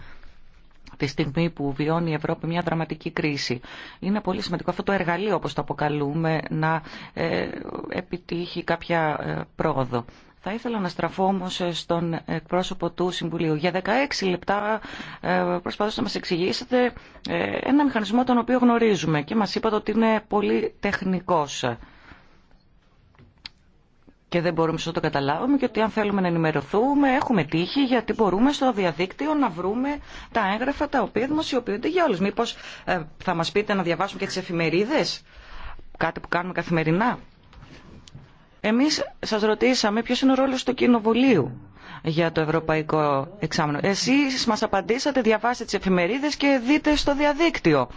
Speaker 2: τη στιγμή που βιώνει η Ευρώπη μια δραματική κρίση. Είναι πολύ σημαντικό αυτό το εργαλείο, όπως το αποκαλούμε, να ε, επιτύχει κάποια ε, πρόοδο. Θα ήθελα να στραφώ όμω στον εκπρόσωπο του Συμβουλίου. Για 16 λεπτά ε, προσπαθούσατε να μα εξηγήσετε ε, ένα μηχανισμό τον οποίο γνωρίζουμε και μα είπατε ότι είναι πολύ τεχνικό. Και δεν μπορούμε να το καταλάβουμε και ότι αν θέλουμε να ενημερωθούμε έχουμε τύχη γιατί μπορούμε στο διαδίκτυο να βρούμε τα έγγραφα τα οποία δημοσιοποιούνται για όλους. Μήπως ε, θα μας πείτε να διαβάσουμε και τις εφημερίδες, κάτι που κάνουμε καθημερινά. Εμείς σας ρωτήσαμε ποιος είναι ο ρόλος του Κοινοβουλίου για το Ευρωπαϊκό Εξάμεινο. Εσείς μας απαντήσατε, διαβάστε τις εφημερίδες και δείτε στο διαδίκτυο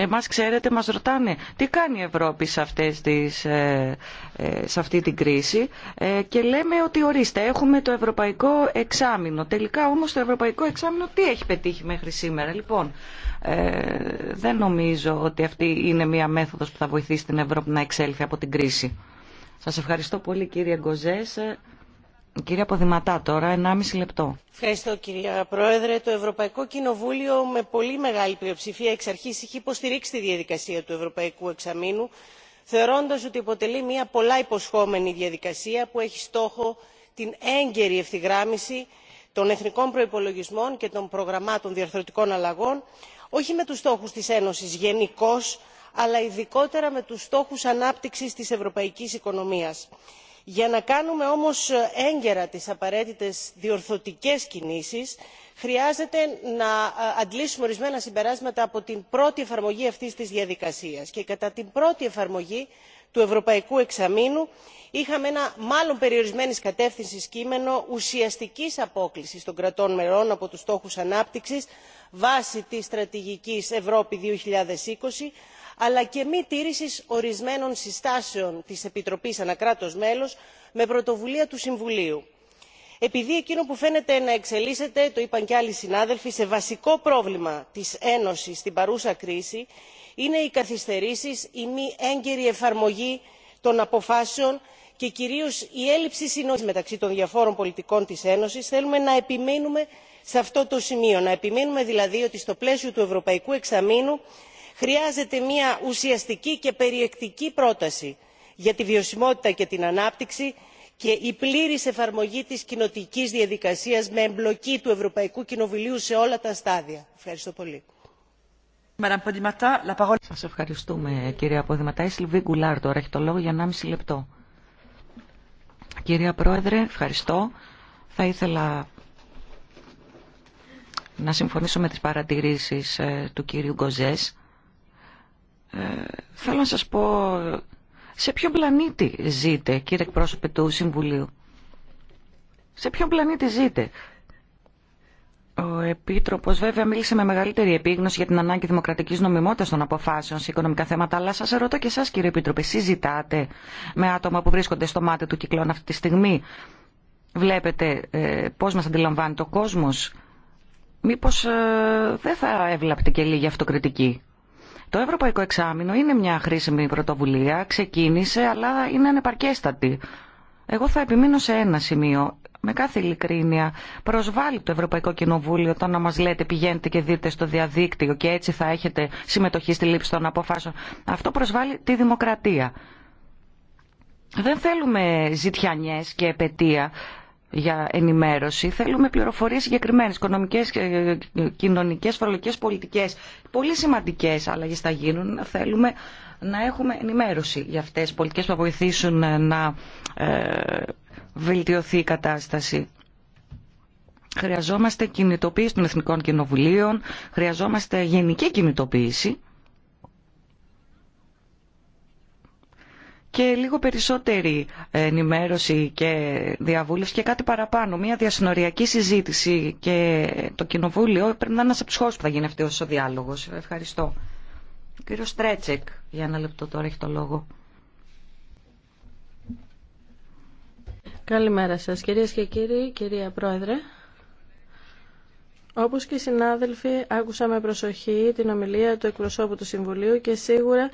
Speaker 2: Εμάς ξέρετε μας ρωτάνε τι κάνει η Ευρώπη σε, αυτές τις, ε, ε, σε αυτή την κρίση ε, και λέμε ότι ορίστε έχουμε το ευρωπαϊκό εξάμεινο. Τελικά όμως το ευρωπαϊκό εξάμεινο τι έχει πετύχει μέχρι σήμερα. Λοιπόν, δεν νομίζω ότι αυτή είναι μια μέθοδος που θα βοηθήσει την Ευρώπη να εξέλθει από την κρίση. Σας ευχαριστώ πολύ κύριε Γκοζές. Κύριε Ποδηματά, τώρα 1,5 λεπτό.
Speaker 5: Ευχαριστώ κυρία Πρόεδρε. Το Ευρωπαϊκό Κοινοβούλιο με πολύ μεγάλη πλειοψηφία εξ αρχής είχε υποστηρίξει τη διαδικασία του Ευρωπαϊκού Εξαμήνου, θεωρώντας ότι υποτελεί μια πολλά υποσχόμενη διαδικασία που έχει στόχο την έγκαιρη ευθυγράμμιση των εθνικών προπολογισμών και των προγραμμάτων διαρθρωτικών αλλαγών, όχι με τους στόχους της Ένωσης γενικώ, αλλά ειδικότερα με τους στόχους ανάπτυξης της ευρωπαϊκής οικονομίας για να κάνουμε όμως ε, έγκαιρα τις απαραίτητες διορθωτικές κινήσεις χρειάζεται να ε, αντλήσουμε ορισμένα συμπεράσματα από την πρώτη εφαρμογή αυτής της διαδικασίας και κατά την πρώτη εφαρμογή του ευρωπαϊκού εξαμήνου είχαμε ένα μάλλον περιορισμένης κατεύθυνσης κείμενο ουσιαστικής απόκλισης των κρατών μελών από τους στόχους ανάπτυξης βάσει της στρατηγικής ευρώπη 2020 αλλά και μη τήρησης ορισμένων συστάσεων της επιτροπής ανά κράτος μέλος με πρωτοβουλία του συμβουλίου. επειδή εκείνο που φαίνεται να εξελίσσεται το είπαν και άλλοι συνάδελφοι σε βασικό πρόβλημα της ένωσης στην παρούσα κρίση είναι οι καθυστερήσεις η μη έγκαιρη εφαρμογή των αποφάσεων και κυρίως η έλλειψη συνοχη μεταξύ των διαφόρων πολιτικών της ένωσης θέλουμε να επιμείνουμε σε αυτό το σημείο να επιμείνουμε δηλαδή ότι στο πλαίσιο του ευρωπαϊκού εξαμήνου χρειάζεται μια ουσιαστική και περιεκτική πρόταση για τη βιωσιμότητα και την ανάπτυξη και η πλήρης εφαρμογή της κοινοτικής διαδικασίας με εμπλοκή του ευρωπαϊκού κοινοβουλίου σε όλα τα στάδια. Ευχαριστώ πολύ.
Speaker 2: Σας ευχαριστούμε κυρία Αποδηματά. Η Σιλβί Γκουλάρ τώρα έχει το λόγο για 1,5 λεπτό. Κυρία Πρόεδρε, ευχαριστώ. Θα ήθελα να συμφωνήσω με τις παρατηρήσεις ε, του κυρίου Γκοζές ε, θέλω να σας πω σε ποιο πλανήτη ζείτε κύριε εκπρόσωπε του Συμβουλίου. Σε ποιο πλανήτη ζείτε. Ο Επίτροπο βέβαια μίλησε με μεγαλύτερη επίγνωση για την ανάγκη δημοκρατική νομιμότητα των αποφάσεων σε οικονομικά θέματα, αλλά σα ρωτώ και εσά κύριε Επίτροπε, συζητάτε με άτομα που βρίσκονται στο μάτι του κυκλών αυτή τη στιγμή. Βλέπετε ε, πώ μα αντιλαμβάνεται ο κόσμο. Μήπω ε, δεν θα έβλαπτε και λίγη αυτοκριτική. Το Ευρωπαϊκό Εξάμεινο είναι μια χρήσιμη πρωτοβουλία, ξεκίνησε, αλλά είναι ανεπαρκέστατη. Εγώ θα επιμείνω σε ένα σημείο. Με κάθε ειλικρίνεια προσβάλλει το Ευρωπαϊκό Κοινοβούλιο το να μας λέτε πηγαίνετε και δείτε στο διαδίκτυο και έτσι θα έχετε συμμετοχή στη λήψη των αποφάσεων. Αυτό προσβάλλει τη δημοκρατία. Δεν θέλουμε ζητιανιές και επαιτία για ενημέρωση. Θέλουμε πληροφορίες συγκεκριμένε, οικονομικές, ε, κοινωνικές, φορολογικές, πολιτικές. Πολύ σημαντικές αλλαγές θα γίνουν. Θέλουμε να έχουμε ενημέρωση για αυτές τις πολιτικές που θα βοηθήσουν ε, να ε, βελτιωθεί η κατάσταση. Χρειαζόμαστε κινητοποίηση των Εθνικών Κοινοβουλίων, χρειαζόμαστε γενική κινητοποίηση και λίγο περισσότερη ενημέρωση και διαβούλευση και κάτι παραπάνω. Μια διασυνοριακή συζήτηση και το Κοινοβούλιο πρέπει να είναι ένα από του χώρου που θα γίνει αυτό ο διάλογο. Ευχαριστώ. Ο κύριο
Speaker 4: Στρέτσεκ, για ένα λεπτό τώρα έχει το λόγο. Καλημέρα σας κυρίες και κύριοι, κυρία Πρόεδρε. Όπως και οι συνάδελφοι, άκουσα με προσοχή την ομιλία του εκπροσώπου του Συμβουλίου και σίγουρα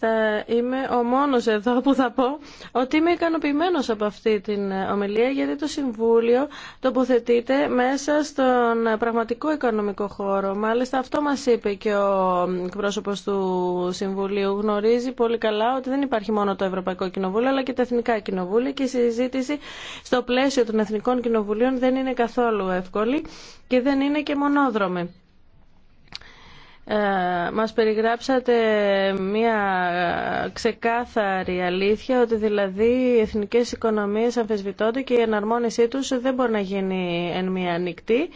Speaker 4: θα είμαι ο μόνος εδώ που θα πω ότι είμαι ικανοποιημένο από αυτή την ομιλία γιατί το Συμβούλιο τοποθετείται μέσα στον πραγματικό οικονομικό χώρο. Μάλιστα αυτό μας είπε και ο εκπρόσωπος του Συμβουλίου. Γνωρίζει πολύ καλά ότι δεν υπάρχει μόνο το Ευρωπαϊκό Κοινοβούλιο αλλά και τα Εθνικά Κοινοβούλια και η συζήτηση στο πλαίσιο των Εθνικών Κοινοβουλίων δεν είναι καθόλου εύκολη και δεν είναι και μονόδρομοι. Ε, μας περιγράψατε μια ξεκάθαρη αλήθεια ότι δηλαδή οι εθνικές οικονομίες αμφισβητώνται και η εναρμόνισή τους δεν μπορεί να γίνει εν μία ανοιχτή.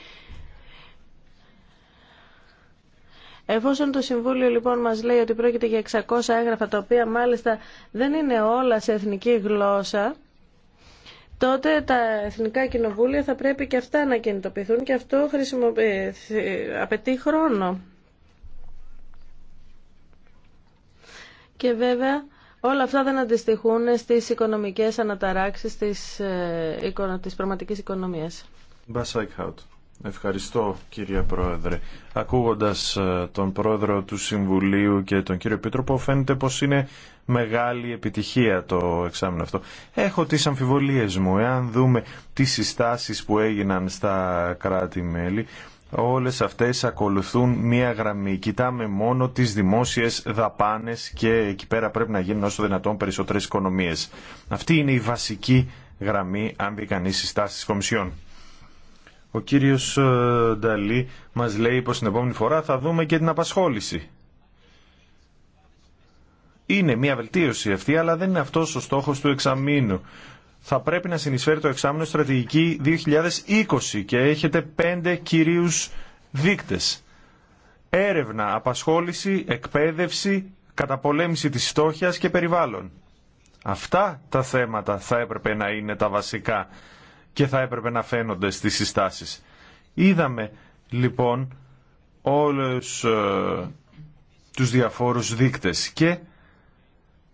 Speaker 4: Εφόσον το Συμβούλιο λοιπόν μας λέει ότι πρόκειται για 600 έγγραφα τα οποία μάλιστα δεν είναι όλα σε εθνική γλώσσα τότε τα εθνικά κοινοβούλια θα πρέπει και αυτά να κινητοποιηθούν και αυτό απαιτεί χρόνο. Και βέβαια όλα αυτά δεν αντιστοιχούν στις οικονομικές αναταράξεις της, ε, της πραγματικής οικονομίας.
Speaker 3: Ευχαριστώ κύριε Πρόεδρε. Ακούγοντας ε, τον Πρόεδρο του Συμβουλίου και τον κύριο Επίτροπο φαίνεται πως είναι μεγάλη επιτυχία το εξάμεινο αυτό. Έχω τις αμφιβολίες μου. Εάν δούμε τις συστάσεις που έγιναν στα κράτη-μέλη όλες αυτές ακολουθούν μία γραμμή. Κοιτάμε μόνο τις δημόσιες δαπάνες και εκεί πέρα πρέπει να γίνουν όσο δυνατόν περισσότερες οικονομίες. Αυτή είναι η βασική γραμμή αν δει κανείς συστάσεις της ο κύριος ε, Νταλή μας λέει πως την επόμενη φορά θα δούμε και την απασχόληση. Είναι μια βελτίωση αυτή, αλλά δεν είναι αυτός ο στόχος του εξαμήνου. Θα πρέπει να συνεισφέρει το εξάμεινο στρατηγική 2020 και έχετε πέντε κυρίους δείκτες. Έρευνα, απασχόληση, εκπαίδευση, καταπολέμηση της στόχιας και περιβάλλον. Αυτά τα θέματα θα έπρεπε να είναι τα βασικά και θα έπρεπε να φαίνονται στις συστάσεις. Είδαμε λοιπόν όλους ε, τους διαφόρους δείκτες και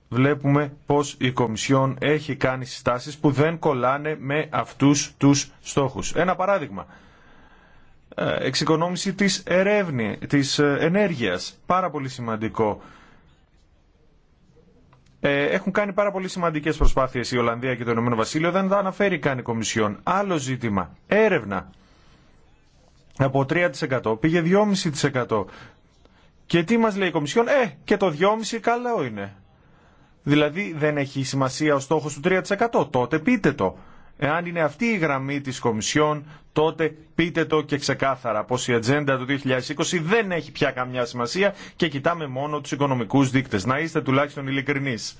Speaker 3: βλέπουμε πως η Κομισιόν έχει κάνει συστάσεις που δεν κολλάνε με αυτούς τους στόχους. Ένα παράδειγμα, ε, εξοικονόμηση της, ερεύνη, της ε, ενέργειας, πάρα πολύ σημαντικό ε, έχουν κάνει πάρα πολύ σημαντικές προσπάθειες η Ολλανδία και το Ηνωμένο Βασίλειο, δεν τα αναφέρει καν η Κομισιόν. Άλλο ζήτημα, έρευνα. Από 3% πήγε 2,5%. Και τι μας λέει η Κομισιόν, ε, και το 2,5% καλό είναι. Δηλαδή δεν έχει σημασία ο στόχο του 3%, τότε πείτε το. Εάν είναι αυτή η γραμμή της Κομισιόν, τότε πείτε το και ξεκάθαρα πως η ατζέντα του 2020 δεν έχει πια καμιά σημασία και κοιτάμε μόνο τους οικονομικούς δείκτες. Να είστε τουλάχιστον ειλικρινείς.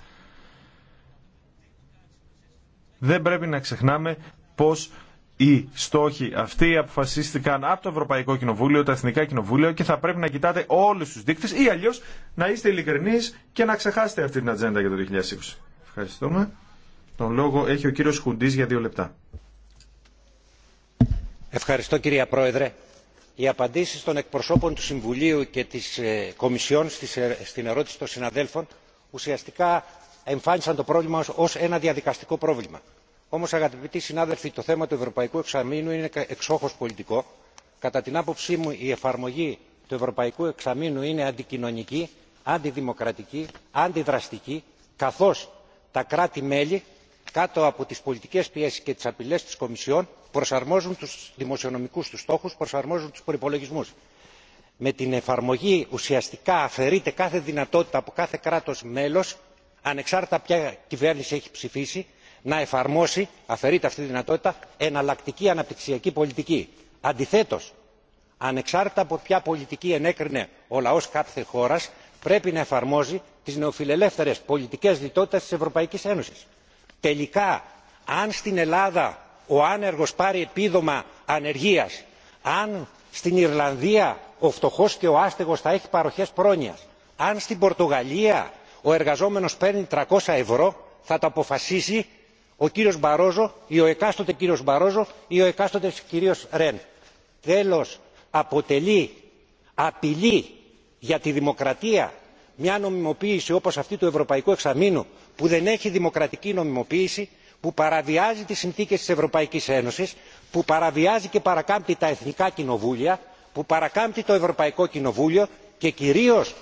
Speaker 3: Δεν πρέπει να ξεχνάμε πως οι στόχοι αυτοί αποφασίστηκαν από το Ευρωπαϊκό Κοινοβούλιο, τα Εθνικά Κοινοβούλια και θα πρέπει να κοιτάτε όλους τους δείκτες ή αλλιώς να είστε ειλικρινείς και να ξεχάσετε αυτή την ατζέντα για το 2020. Ευχαριστούμε. Τον λόγο έχει ο κύριος Χουντής για δύο λεπτά.
Speaker 1: Ευχαριστώ κύριε Πρόεδρε. Οι απαντήσεις των εκπροσώπων του Συμβουλίου και της ε, Κομισιόν ε, στην ερώτηση των συναδέλφων ουσιαστικά εμφάνισαν το πρόβλημα ως ένα διαδικαστικό πρόβλημα. Όμως αγαπητοί συνάδελφοι το θέμα του Ευρωπαϊκού Εξαμήνου είναι εξόχως πολιτικό. Κατά την άποψή μου η εφαρμογή του Ευρωπαϊκού Εξαμήνου είναι αντικοινωνική, αντιδημοκρατική, αντιδραστική καθώς τα κράτη μέλη κάτω από τις πολιτικές πιέσεις και τις απειλές της κομισιόν προσαρμόζουν τους δημοσιονομικούς τους στόχους προσαρμόζουν τους προϋπολογισμούς. με την εφαρμογή ουσιαστικά αφαιρείται κάθε δυνατότητα από κάθε κράτος μέλος ανεξάρτητα ποια κυβέρνηση έχει ψηφίσει να εφαρμόσει αφαιρείται αυτή η δυνατότητα εναλλακτική αναπτυξιακή πολιτική. αντιθέτως ανεξάρτητα από ποια πολιτική ενέκρινε ο λαός κάθε χώρας πρέπει να εφαρμόζει τις νεοφιλελεύθερες πολιτικές λιτότητας της ευρωπαϊκής ένωσης τελικά αν στην ελλάδα ο άνεργος πάρει επίδομα ανεργίας αν στην ιρλανδία ο φτωχός και ο άστεγος θα έχει παροχές πρόνοιας αν στην πορτογαλία ο εργαζόμενος παίρνει 300 ευρώ θα το αποφασίσει ο κύριος Μπαρόζο ή ο εκάστοτε κύριος Μπαρόζο ή ο εκάστοτε κύριος Ρεν. Τέλος, αποτελεί απειλή για τη δημοκρατία μια νομιμοποίηση όπως αυτή του Ευρωπαϊκού Εξαμήνου που δεν έχει δημοκρατική νομιμοποίηση που παραβιάζει τις συνθήκες της ευρωπαϊκής ένωσης που παραβιάζει και παρακάμπτει τα εθνικά κοινοβούλια που παρακάμπτει το ευρωπαϊκό κοινοβούλιο και κυρίως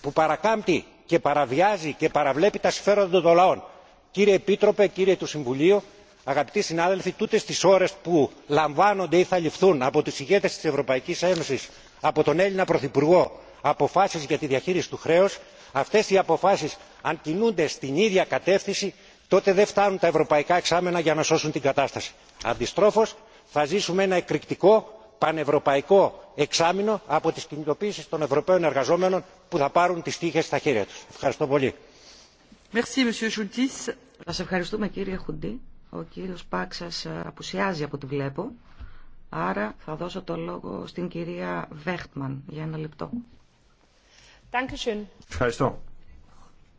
Speaker 1: που παρακάμπτει και παραβιάζει και παραβλέπει τα συμφέροντα των λαών. κύριε επίτροπε κύριε του συμβουλίου αγαπητοί συνάδελφοι τούτε τις ώρε που λαμβάνονται ή θα ληφθούν από του ηγέτε τη Ευρωπαϊκή Ένωση, από τον έλληνα πρωθυπουργό αποφάσει για τη διαχείριση του χρέους αυτές οι αποφάσεις αν κινούνται στην ίδια κατεύθυνση τότε δεν φτάνουν τα ευρωπαϊκά εξάμενα για να σώσουν την κατάσταση. αντιστρόφως θα ζήσουμε ένα εκρηκτικό πανευρωπαϊκό εξάμεινο από τις κινητοποιήσεις των ευρωπαίων εργαζομένων που θα πάρουν τις τύχες στα χέρια τους. ευχαριστώ πολύ.
Speaker 2: Σας ευχαριστούμε κύριε Ο κύριος ε, απουσιάζει από βλέπω. Άρα θα δώσω το λόγο στην κυρία Βέχτμαν για ένα λεπτό.
Speaker 1: Ευχαριστώ.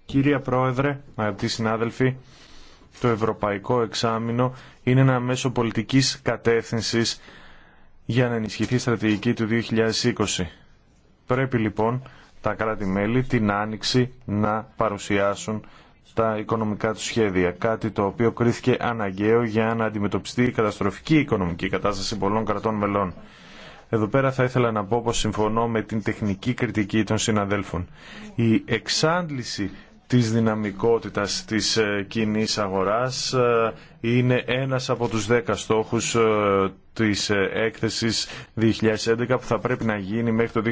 Speaker 3: Κύριε Πρόεδρε, αγαπητοί συνάδελφοι, το Ευρωπαϊκό Εξάμεινο είναι ένα μέσο πολιτικής κατεύθυνσης για να ενισχυθεί η στρατηγική του 2020. Πρέπει λοιπόν τα κράτη-μέλη την Άνοιξη να παρουσιάσουν τα οικονομικά του σχέδια, κάτι το οποίο κρίθηκε αναγκαίο για να αντιμετωπιστεί η καταστροφική οικονομική κατάσταση πολλών κρατών μελών. Εδώ πέρα θα ήθελα να πω πως συμφωνώ με την τεχνική κριτική των συναδέλφων. Η εξάντληση της δυναμικότητας της ε, κοινή αγοράς ε, είναι ένας από τους δέκα στόχους ε, της ε, έκθεσης 2011 που θα πρέπει να γίνει μέχρι το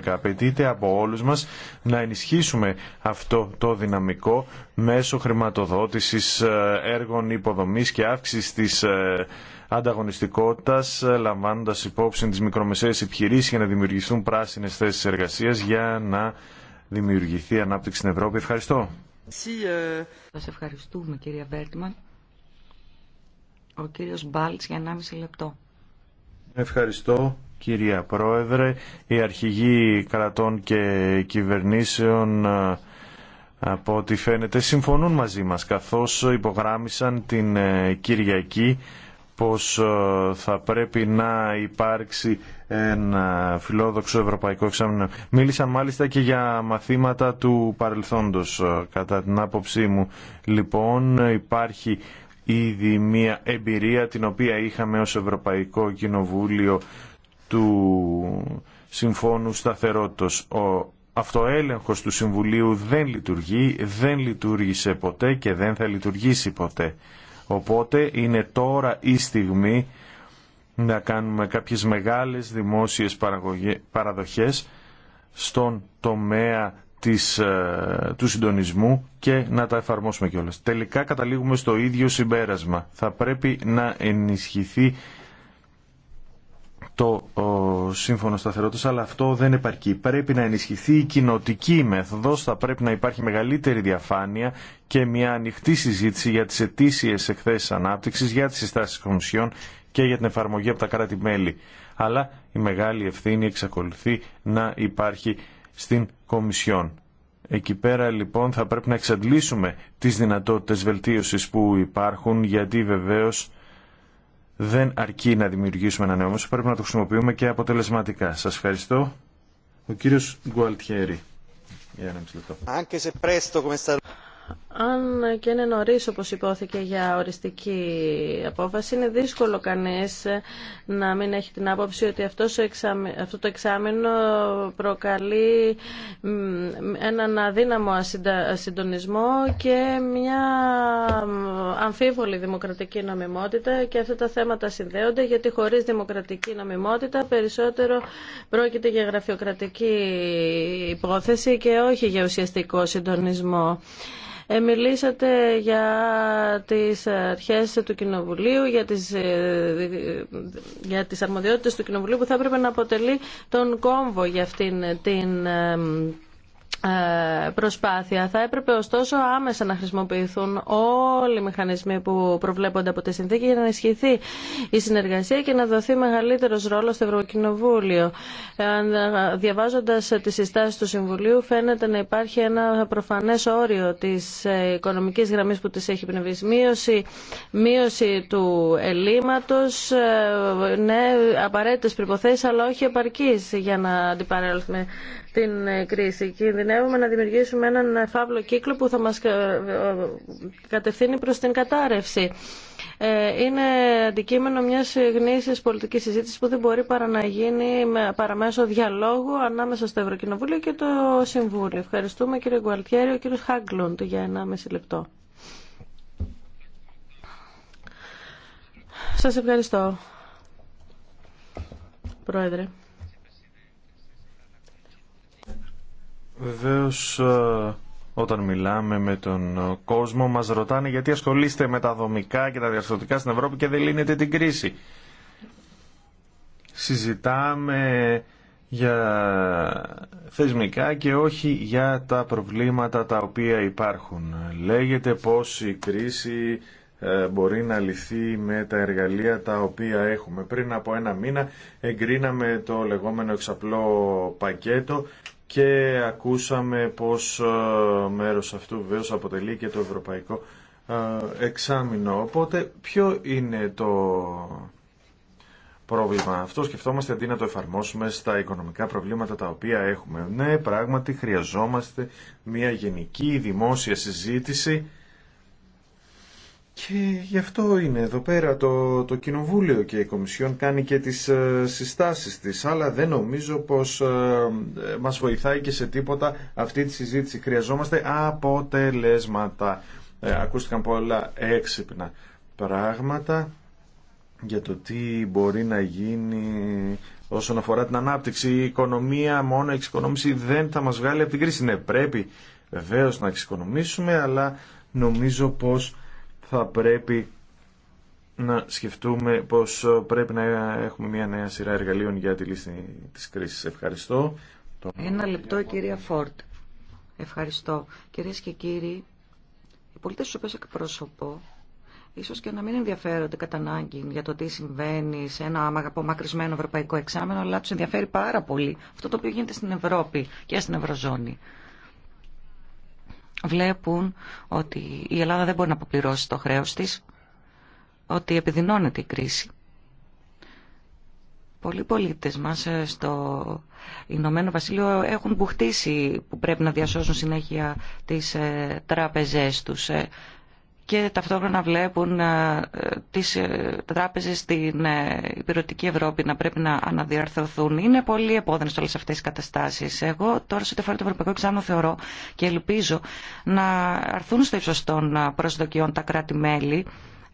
Speaker 3: 2012. Απαιτείται από όλους μας να ενισχύσουμε αυτό το δυναμικό μέσω χρηματοδότησης ε, έργων υποδομής και αύξησης της ε, ανταγωνιστικότητας λαμβάνοντας υπόψη τις μικρομεσαίες επιχειρήσεις για να δημιουργηθούν πράσινες θέσεις εργασίας για να δημιουργηθεί ανάπτυξη στην Ευρώπη. Ευχαριστώ.
Speaker 2: Σας ευχαριστούμε κυρία ο κύριος Μπάλτς για 1,5 λεπτό.
Speaker 3: Ευχαριστώ κυρία Πρόεδρε. Οι αρχηγοί κρατών και κυβερνήσεων ε, από ό,τι φαίνεται συμφωνούν μαζί μας καθώς υπογράμμισαν την ε, Κυριακή πως ε, θα πρέπει να υπάρξει ένα φιλόδοξο ευρωπαϊκό εξάμεινο. Μίλησαν μάλιστα και για μαθήματα του παρελθόντος. Κατά την άποψή μου λοιπόν υπάρχει ήδη μια εμπειρία την οποία είχαμε ως Ευρωπαϊκό Κοινοβούλιο του Συμφώνου Σταθερότητος. Ο αυτοέλεγχος του Συμβουλίου δεν λειτουργεί, δεν λειτουργήσε ποτέ και δεν θα λειτουργήσει ποτέ. Οπότε είναι τώρα η στιγμή να κάνουμε κάποιες μεγάλες δημόσιες παραδοχές στον τομέα της, ε, του συντονισμού και να τα εφαρμόσουμε κιόλας. Τελικά καταλήγουμε στο ίδιο συμπέρασμα. Θα πρέπει να ενισχυθεί το σύμφωνο σταθερότητα, αλλά αυτό δεν επαρκεί. Πρέπει να ενισχυθεί η κοινοτική μέθοδο, θα πρέπει να υπάρχει μεγαλύτερη διαφάνεια και μια ανοιχτή συζήτηση για τι ετήσιε εκθέσει ανάπτυξη, για τι συστάσει κομισιών και για την εφαρμογή από τα κράτη-μέλη. Αλλά η μεγάλη ευθύνη εξακολουθεί να υπάρχει στην Κομισιόν. Εκεί πέρα λοιπόν θα πρέπει να εξαντλήσουμε τις δυνατότητες βελτίωσης που υπάρχουν γιατί βεβαίως δεν αρκεί να δημιουργήσουμε ένα νέο μέσο, πρέπει να το χρησιμοποιούμε και αποτελεσματικά. Σας ευχαριστώ. Ο κύριος Γκουαλτιέρη. Για ένα λεπτό
Speaker 4: αν και είναι νωρί όπως υπόθηκε για οριστική απόφαση, είναι δύσκολο κανείς να μην έχει την άποψη ότι αυτό το εξάμεινο προκαλεί έναν αδύναμο συντονισμό και μια αμφίβολη δημοκρατική νομιμότητα και αυτά τα θέματα συνδέονται γιατί χωρίς δημοκρατική νομιμότητα περισσότερο πρόκειται για γραφειοκρατική υπόθεση και όχι για ουσιαστικό συντονισμό. Ε, μιλήσατε για τις αρχές του Κοινοβουλίου, για τις, ε, για τις αρμοδιότητες του Κοινοβουλίου που θα έπρεπε να αποτελεί τον κόμβο για αυτήν την ε, ε, προσπάθεια. Θα έπρεπε ωστόσο άμεσα να χρησιμοποιηθούν όλοι οι μηχανισμοί που προβλέπονται από τη συνθήκη για να ενισχυθεί η συνεργασία και να δοθεί μεγαλύτερο ρόλο στο Ευρωκοινοβούλιο. Ε, ε, Διαβάζοντα τι συστάσει του Συμβουλίου, φαίνεται να υπάρχει ένα προφανέ όριο τη οικονομική γραμμή που τη έχει πνευεί. Μείωση, μείωση του ελλείμματο, ναι, απαραίτητε προποθέσει, αλλά όχι επαρκή για να αντιπαρέλθουμε την ε, κρίση. Κινδυνεύουμε να δημιουργήσουμε έναν φαύλο κύκλο που θα μας ε, ε, κατευθύνει προς την κατάρρευση. Είναι αντικείμενο μιας γνήσιας πολιτικής συζήτησης που δεν μπορεί παρά να γίνει παραμέσω διαλόγου ανάμεσα στο Ευρωκοινοβούλιο και το Συμβούλιο. Ευχαριστούμε κύριε Γκουαλτιέρη, ο κύριος Χάγκλοντ για μισή λεπτό. Σας ευχαριστώ, Πρόεδρε.
Speaker 3: Βεβαίως ε, όταν μιλάμε με τον κόσμο μας ρωτάνε γιατί ασχολείστε με τα δομικά και τα διαστατικά στην Ευρώπη και δεν λύνετε την κρίση. Συζητάμε για θεσμικά και όχι για τα προβλήματα τα οποία υπάρχουν. Λέγεται πως η κρίση ε, μπορεί να λυθεί με τα εργαλεία τα οποία έχουμε. Πριν από ένα μήνα εγκρίναμε το λεγόμενο εξαπλό πακέτο και ακούσαμε πως ε, μέρος αυτού βεβαίως αποτελεί και το ευρωπαϊκό ε, εξάμεινο. Οπότε ποιο είναι το πρόβλημα αυτό σκεφτόμαστε αντί να το εφαρμόσουμε στα οικονομικά προβλήματα τα οποία έχουμε. Ναι, πράγματι χρειαζόμαστε μια γενική δημόσια συζήτηση και γι' αυτό είναι εδώ πέρα το, το Κοινοβούλιο και η Κομισιόν κάνει και τις ε, συστάσεις της, αλλά δεν νομίζω πως ε, ε, μας βοηθάει και σε τίποτα αυτή τη συζήτηση. Χρειαζόμαστε αποτελέσματα. Ε, ακούστηκαν πολλά έξυπνα πράγματα για το τι μπορεί να γίνει όσον αφορά την ανάπτυξη. Η οικονομία, μόνο η εξοικονόμηση δεν θα μας βγάλει από την κρίση. Ναι, πρέπει βεβαίω να εξοικονομήσουμε, αλλά νομίζω πως θα πρέπει να σκεφτούμε πως ε, πρέπει να έχουμε μια νέα σειρά εργαλείων για τη λύση της κρίσης. Ευχαριστώ. Ένα λεπτό κυρία Φόρτ. Ευχαριστώ.
Speaker 2: Κυρίες και κύριοι, οι πολίτες στους οποίους εκπροσωπώ ίσως και να μην ενδιαφέρονται κατά ανάγκη για το τι συμβαίνει σε ένα απομακρυσμένο ευρωπαϊκό εξάμενο, αλλά τους ενδιαφέρει πάρα πολύ αυτό το οποίο γίνεται στην Ευρώπη και στην Ευρωζώνη βλέπουν ότι η Ελλάδα δεν μπορεί να αποπληρώσει το χρέος της, ότι επιδεινώνεται η κρίση. Πολλοί πολίτες μας ε, στο Ηνωμένο Βασίλειο έχουν πουχτήσει που πρέπει να διασώσουν συνέχεια τις ε, τράπεζές τους. Ε και ταυτόχρονα βλέπουν ε, τις ε, τράπεζες στην ε, υπηρετική Ευρώπη να πρέπει να αναδιαρθρωθούν. Είναι πολύ επώδυνες όλες αυτές οι καταστάσεις. Εγώ τώρα σε ό,τι το Ευρωπαϊκό Εξάμεινο θεωρώ και ελπίζω να αρθούν στο ύψος των προσδοκιών τα κράτη-μέλη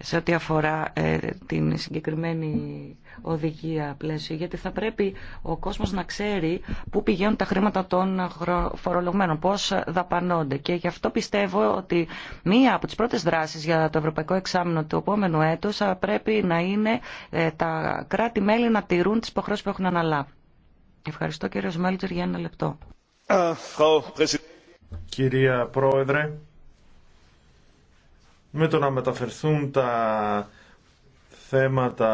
Speaker 2: σε ό,τι αφορά ε, την συγκεκριμένη οδηγία πλαίσιο, γιατί θα πρέπει ο κόσμος να ξέρει πού πηγαίνουν τα χρήματα των φορολογμένων, πώς δαπανώνται. Και γι' αυτό πιστεύω ότι μία από τις πρώτες δράσεις για το Ευρωπαϊκό Εξάμεινο του επόμενου έτους θα πρέπει να είναι ε, τα κράτη-μέλη να τηρούν τις υποχρεώσεις που έχουν αναλάβει. Ευχαριστώ κύριο Σμέλτζερ για ένα λεπτό.
Speaker 3: Κυρία Πρόεδρε, με το να μεταφερθούν τα θέματα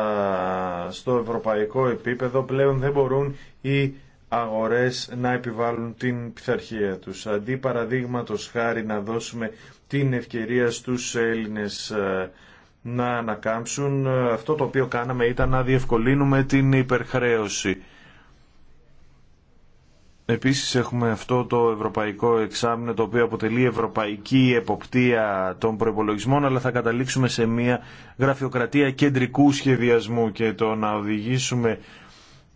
Speaker 3: στο ευρωπαϊκό επίπεδο πλέον δεν μπορούν οι αγορές να επιβάλλουν την πειθαρχία τους. Αντί παραδείγματος χάρη να δώσουμε την ευκαιρία στους Έλληνες ε, να ανακάμψουν, ε, αυτό το οποίο κάναμε ήταν να διευκολύνουμε την υπερχρέωση Επίσης έχουμε αυτό το ευρωπαϊκό εξάμεινο το οποίο αποτελεί ευρωπαϊκή εποπτεία των προϋπολογισμών αλλά θα καταλήξουμε σε μια γραφειοκρατία κεντρικού σχεδιασμού και το να οδηγήσουμε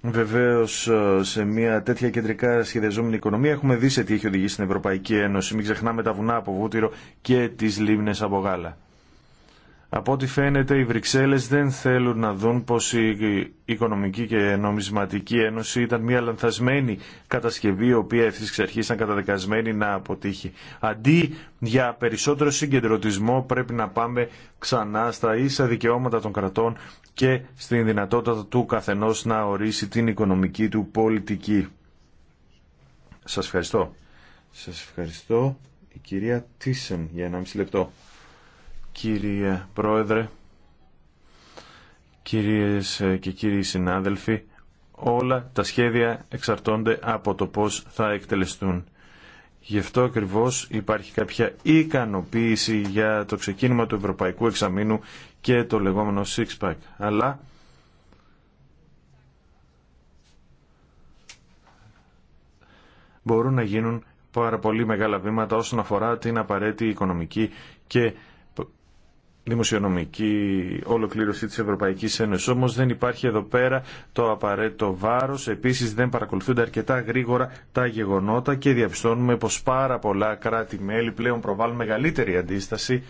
Speaker 3: βεβαίως ε, σε μια τέτοια κεντρικά σχεδιαζόμενη οικονομία έχουμε δει σε τι έχει οδηγήσει στην Ευρωπαϊκή Ένωση. Μην ξεχνάμε τα βουνά από βούτυρο και τις λίμνες από γάλα. Από ό,τι φαίνεται οι Βρυξέλλες δεν θέλουν να δουν πως η Οικονομική και Νομισματική Ένωση ήταν μια λανθασμένη κατασκευή η οποία ευθύ εξ αρχή, ήταν καταδικασμένη να αποτύχει. Αντί για περισσότερο συγκεντρωτισμό πρέπει να πάμε ξανά στα ίσα δικαιώματα των κρατών και στην δυνατότητα του καθενός να ορίσει την οικονομική του πολιτική. Σας ευχαριστώ. Σας ευχαριστώ η κυρία Τίσεν για λεπτό κύριε Πρόεδρε, κυρίες και κύριοι συνάδελφοι, όλα τα σχέδια εξαρτώνται από το πώς θα εκτελεστούν. Γι' αυτό ακριβώς υπάρχει κάποια ικανοποίηση για το ξεκίνημα του Ευρωπαϊκού Εξαμήνου και το λεγόμενο six-pack. Αλλά μπορούν να γίνουν πάρα πολύ μεγάλα βήματα όσον αφορά την απαραίτητη οικονομική και δημοσιονομική ολοκλήρωση της Ευρωπαϊκής Ένωσης. Όμως δεν υπάρχει εδώ πέρα το απαραίτητο βάρος. Επίσης δεν παρακολουθούνται αρκετά γρήγορα τα γεγονότα και διαπιστώνουμε πως πάρα πολλά κράτη-μέλη πλέον προβάλλουν μεγαλύτερη αντίσταση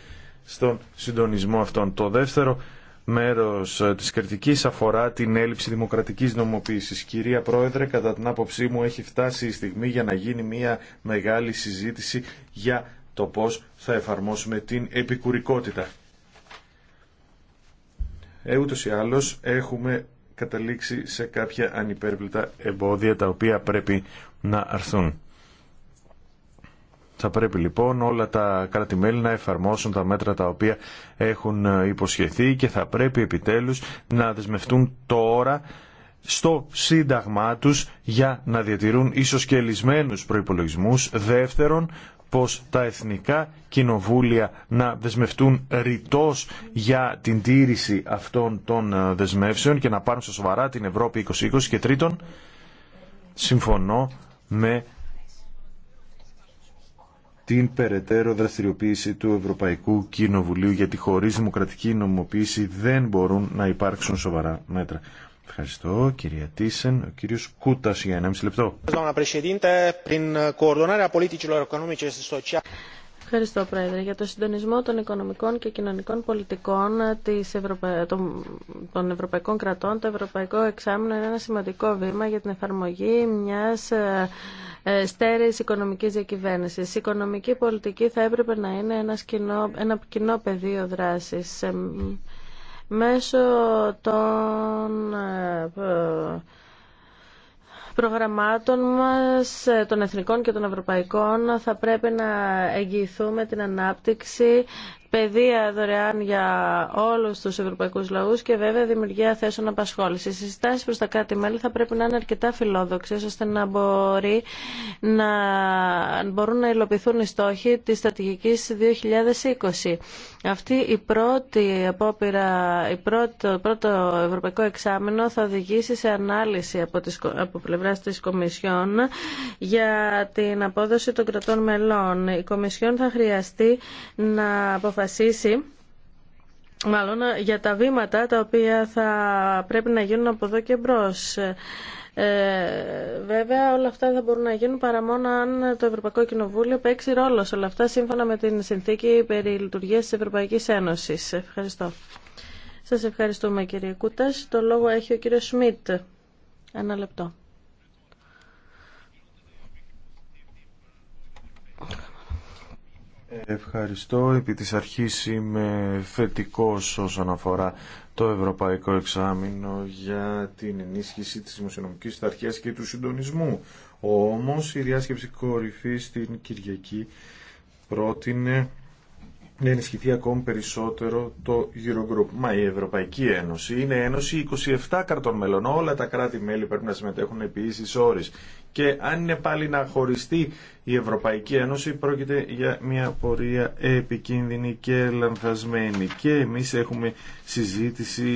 Speaker 3: στον συντονισμό αυτών. Το δεύτερο μέρος ε, της κριτικής αφορά την έλλειψη δημοκρατικής νομοποίησης. Κυρία Πρόεδρε, κατά την άποψή μου έχει φτάσει η στιγμή για να γίνει μια μεγάλη συζήτηση για το πώς θα εφαρμόσουμε την επικουρικότητα ε, ούτως ή άλλως έχουμε καταλήξει σε κάποια ανυπέρβλητα εμπόδια τα οποία πρέπει να αρθούν. Θα πρέπει λοιπόν όλα τα κράτη-μέλη να εφαρμόσουν τα μέτρα τα οποία έχουν ε, υποσχεθεί και θα πρέπει επιτέλους να δεσμευτούν τώρα στο σύνταγμά τους για να διατηρούν ίσως και λυσμένους προϋπολογισμούς. Δεύτερον, πως τα εθνικά κοινοβούλια να δεσμευτούν ρητός για την τήρηση αυτών των ε, δεσμεύσεων και να πάρουν στα σοβαρά την Ευρώπη 2020 και τρίτον συμφωνώ με την περαιτέρω δραστηριοποίηση του Ευρωπαϊκού Κοινοβουλίου γιατί χωρίς δημοκρατική νομοποίηση δεν μπορούν να υπάρξουν σοβαρά μέτρα. Ευχαριστώ κυρία Τίσεν. Ο κύριο Κούτα για 1,5 λεπτό.
Speaker 4: Ευχαριστώ Πρόεδρε. Για το συντονισμό των οικονομικών και κοινωνικών πολιτικών της Ευρωπα... των... των ευρωπαϊκών κρατών, το Ευρωπαϊκό Εξάμεινο είναι ένα σημαντικό βήμα για την εφαρμογή μιας ε, ε, στέρεης οικονομικής διακυβέρνηση. Η οικονομική πολιτική θα έπρεπε να είναι κοινό... ένα κοινό πεδίο δράσης μέσω των ε, προγραμμάτων μας, ε, των εθνικών και των ευρωπαϊκών, θα πρέπει να εγγυηθούμε την ανάπτυξη παιδεία δωρεάν για όλους τους ευρωπαϊκούς λαούς και βέβαια δημιουργία θέσεων απασχόλησης. Οι συστάσεις προς τα κάτι μέλη θα πρέπει να είναι αρκετά φιλόδοξες ώστε να, μπορεί, να μπορούν να υλοποιηθούν οι στόχοι της στρατηγικής 2020. Αυτή η πρώτη απόπειρα, η πρώτο, ευρωπαϊκό εξάμεινο θα οδηγήσει σε ανάλυση από, τις, από πλευράς της Κομισιόν για την απόδοση των κρατών μελών. Η Κομισιόν θα χρειαστεί να αποφασίσει αποφασίσει μάλλον για τα βήματα τα οποία θα πρέπει να γίνουν από εδώ και μπρος. Ε, βέβαια όλα αυτά θα μπορούν να γίνουν παρά μόνο αν το Ευρωπαϊκό Κοινοβούλιο παίξει ρόλο σε όλα αυτά σύμφωνα με την συνθήκη περί λειτουργίας της Ευρωπαϊκής Ένωσης. Ευχαριστώ. Σας ευχαριστούμε κύριε Κούτας. Το λόγο έχει ο κύριος Σμιτ. Ένα λεπτό.
Speaker 3: Ευχαριστώ. Επί της αρχής είμαι θετικός όσον αφορά το Ευρωπαϊκό Εξάμεινο για την ενίσχυση της δημοσιονομικής ταρχίας και του συντονισμού. Όμως η διάσκεψη κορυφής στην Κυριακή πρότεινε να ενισχυθεί ακόμη περισσότερο το Eurogroup. Μα η Ευρωπαϊκή Ένωση είναι ένωση 27 κρατών μελών. Όλα τα κράτη-μέλη πρέπει να συμμετέχουν επί ίση όρη. Και αν είναι πάλι να χωριστεί η Ευρωπαϊκή Ένωση πρόκειται για μια πορεία επικίνδυνη και λανθασμένη. Και εμείς έχουμε συζήτηση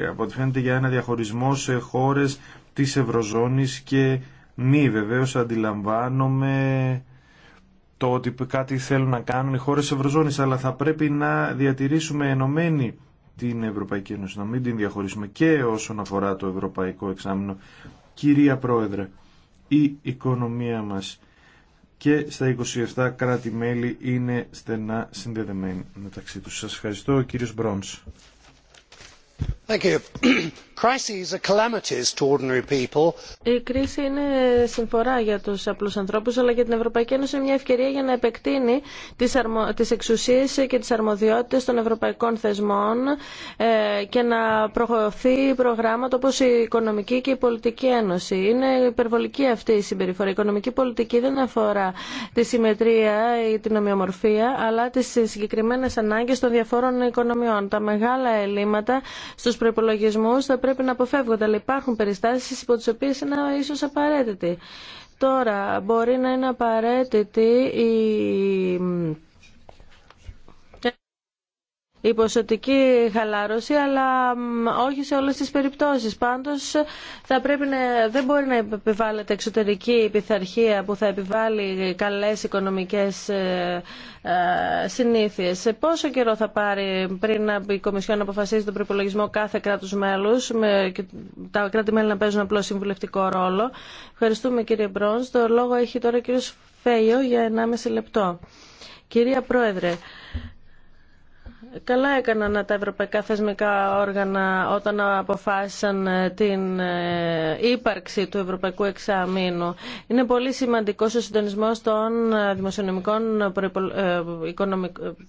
Speaker 3: ε, από ό,τι φαίνεται για ένα διαχωρισμό σε χώρε τη Ευρωζώνη και μη βεβαίω αντιλαμβάνομαι το ότι κάτι θέλουν να κάνουν οι χώρες Ευρωζώνης, αλλά θα πρέπει να διατηρήσουμε ενωμένη την Ευρωπαϊκή Ένωση, να μην την διαχωρίσουμε και όσον αφορά το Ευρωπαϊκό Εξάμεινο. Κυρία Πρόεδρε, η οικονομία μας και στα 27 κράτη-μέλη είναι στενά συνδεδεμένη μεταξύ τους. Σας ευχαριστώ, κύριος Μπρόνς.
Speaker 1: Thank you. Η κρίση
Speaker 4: είναι συμφορά για τους απλούς ανθρώπους, αλλά για την Ευρωπαϊκή Ένωση είναι μια ευκαιρία για να επεκτείνει τις, αρμο... εξουσίες και τις αρμοδιότητες των ευρωπαϊκών θεσμών ε, και να προχωρηθεί προγράμματα όπως η Οικονομική και η Πολιτική Ένωση. Είναι υπερβολική αυτή η συμπεριφορά. Η Οικονομική Πολιτική δεν αφορά τη συμμετρία ή την ομοιομορφία, αλλά τις συγκεκριμένες ανάγκες των διαφόρων οικονομιών. Τα μεγάλα ελλείμματα στους προπολογισμού θα πρέπει πρέπει να αποφεύγονται, αλλά υπάρχουν περιστάσεις υπό τι οποίε είναι ίσω απαραίτητοι. Τώρα, μπορεί να είναι απαραίτητη η η ποσοτική χαλάρωση, αλλά όχι σε όλες τις περιπτώσεις. Πάντως θα πρέπει να, δεν μπορεί να επιβάλλεται εξωτερική πειθαρχία που θα επιβάλλει καλές οικονομικές ε, ε, συνήθειες. Σε πόσο καιρό θα πάρει πριν η Κομισιόν αποφασίζει τον προπολογισμό κάθε κράτους μέλους με, και τα κράτη-μέλη να παίζουν απλό συμβουλευτικό ρόλο. Ευχαριστούμε κύριε Μπρόνς. Το λόγο έχει τώρα ο κύριος Φέιο για 1,5 λεπτό. Κυρία Πρόεδρε, Καλά έκαναν τα ευρωπαϊκά θεσμικά όργανα όταν αποφάσισαν ε, την ε, ύπαρξη του Ευρωπαϊκού Εξαμήνου. Είναι πολύ σημαντικό ο συντονισμό των ε, δημοσιονομικών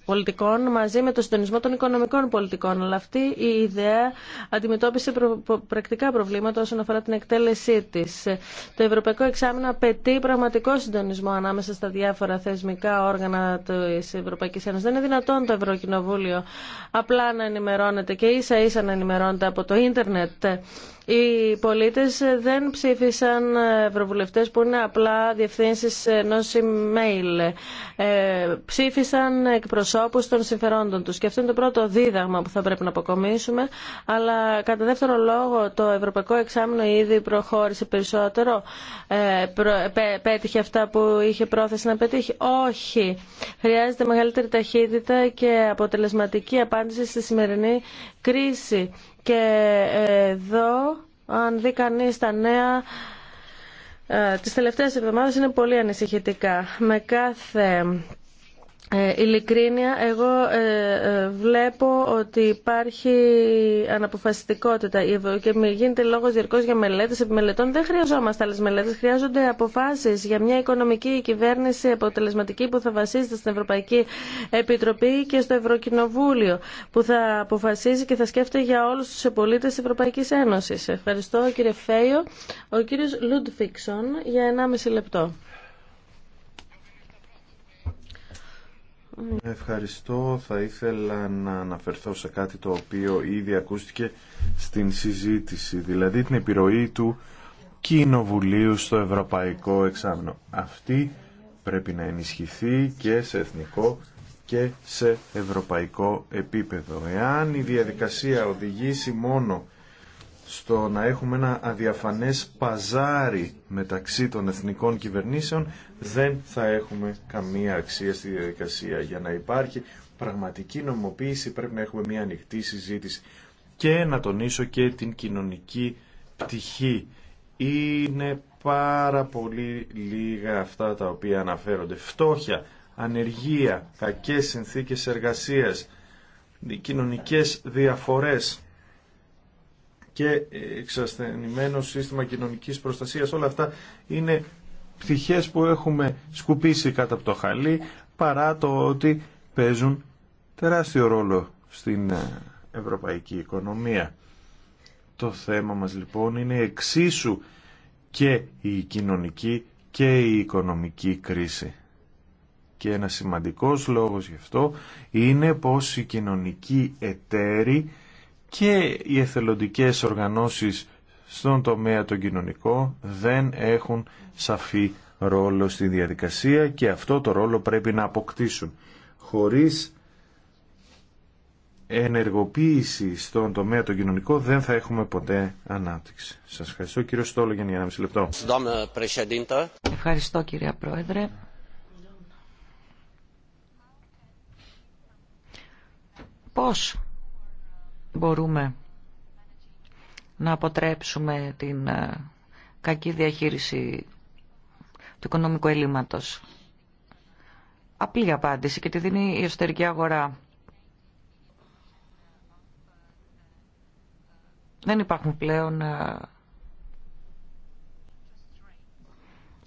Speaker 4: πολιτικών μαζί με το συντονισμό των οικονομικών πολιτικών. Αλλά αυτή η ιδέα αντιμετώπισε πρακτικά προβλήματα όσον αφορά την εκτέλεσή τη. Το Ευρωπαϊκό Εξάμεινο απαιτεί πραγματικό συντονισμό ανάμεσα στα διάφορα θεσμικά όργανα τη Ευρωπαϊκή Ένωση. Δεν είναι δυνατόν το Ευρωκοινοβούλιο Απλά να ενημερώνεται και ίσα ίσα να ενημερώνεται από το ίντερνετ. Οι πολίτες δεν ψήφισαν ευρωβουλευτές που είναι απλά διευθύνσεις ενό email. Ε, ψήφισαν εκπροσώπους των συμφερόντων τους. Και αυτό είναι το πρώτο δίδαγμα που θα πρέπει να αποκομίσουμε. Αλλά κατά δεύτερο λόγο το ευρωπαϊκό εξάμεινο ήδη προχώρησε περισσότερο. Ε, πέτυχε αυτά που είχε πρόθεση να πετύχει. Όχι. Χρειάζεται μεγαλύτερη ταχύτητα και αποτελεσματικότητα σημαντική απάντηση στη σημερινή κρίση. Και εδώ, αν δει κανεί τα νέα ε, τις τελευταίες εβδομάδες είναι πολύ ανησυχητικά. Με κάθε ε, ειλικρίνεια, εγώ ε, ε, βλέπω ότι υπάρχει αναποφασιστικότητα και γίνεται λόγο διαρκώ για μελέτε επιμελετών. Δεν χρειαζόμαστε άλλε μελέτε. Χρειάζονται αποφάσει για μια οικονομική κυβέρνηση αποτελεσματική που θα βασίζεται στην Ευρωπαϊκή Επιτροπή και στο Ευρωκοινοβούλιο, που θα αποφασίζει και θα σκέφτεται για όλου του πολίτε τη Ευρωπαϊκή Ένωση. Ευχαριστώ, κύριε Φέιο. Ο κύριο Λούντφιξον για 1,5 λεπτό.
Speaker 3: Ευχαριστώ. Θα ήθελα να αναφερθώ σε κάτι το οποίο ήδη ακούστηκε στην συζήτηση, δηλαδή την επιρροή του Κοινοβουλίου στο Ευρωπαϊκό Εξάμεινο. Αυτή πρέπει να ενισχυθεί και σε εθνικό και σε ευρωπαϊκό επίπεδο. Εάν η διαδικασία οδηγήσει μόνο στο να έχουμε ένα αδιαφανές παζάρι μεταξύ των εθνικών κυβερνήσεων δεν θα έχουμε καμία αξία στη διαδικασία. Για να υπάρχει πραγματική νομοποίηση πρέπει να έχουμε μια ανοιχτή συζήτηση και να τονίσω και την κοινωνική πτυχή. Είναι πάρα πολύ λίγα αυτά τα οποία αναφέρονται. Φτώχεια, ανεργία, κακές συνθήκες εργασίας, κοινωνικές διαφορές και εξασθενημένο σύστημα κοινωνικής προστασίας. Όλα αυτά είναι πτυχές που έχουμε σκουπίσει κάτω από το χαλί παρά το ότι παίζουν τεράστιο ρόλο στην ε, ευρωπαϊκή οικονομία. Το θέμα μας λοιπόν είναι εξίσου και η κοινωνική και η οικονομική κρίση. Και ένα σημαντικός λόγος γι' αυτό είναι πως οι κοινωνικοί εταίροι και οι εθελοντικές οργανώσεις στον τομέα τον κοινωνικό δεν έχουν σαφή ρόλο στη διαδικασία και αυτό το ρόλο πρέπει να αποκτήσουν. Χωρίς ενεργοποίηση στον τομέα τον κοινωνικό δεν θα έχουμε ποτέ ανάπτυξη. Σας ευχαριστώ κύριο Στόλογεν για ένα μισή λεπτό. Ευχαριστώ κύριε Πρόεδρε.
Speaker 2: Πώς μπορούμε να αποτρέψουμε την ε, κακή διαχείριση του οικονομικού ελλείμματος. Απλή απάντηση και τη δίνει η εσωτερική αγορά. Δεν υπάρχουν πλέον ε,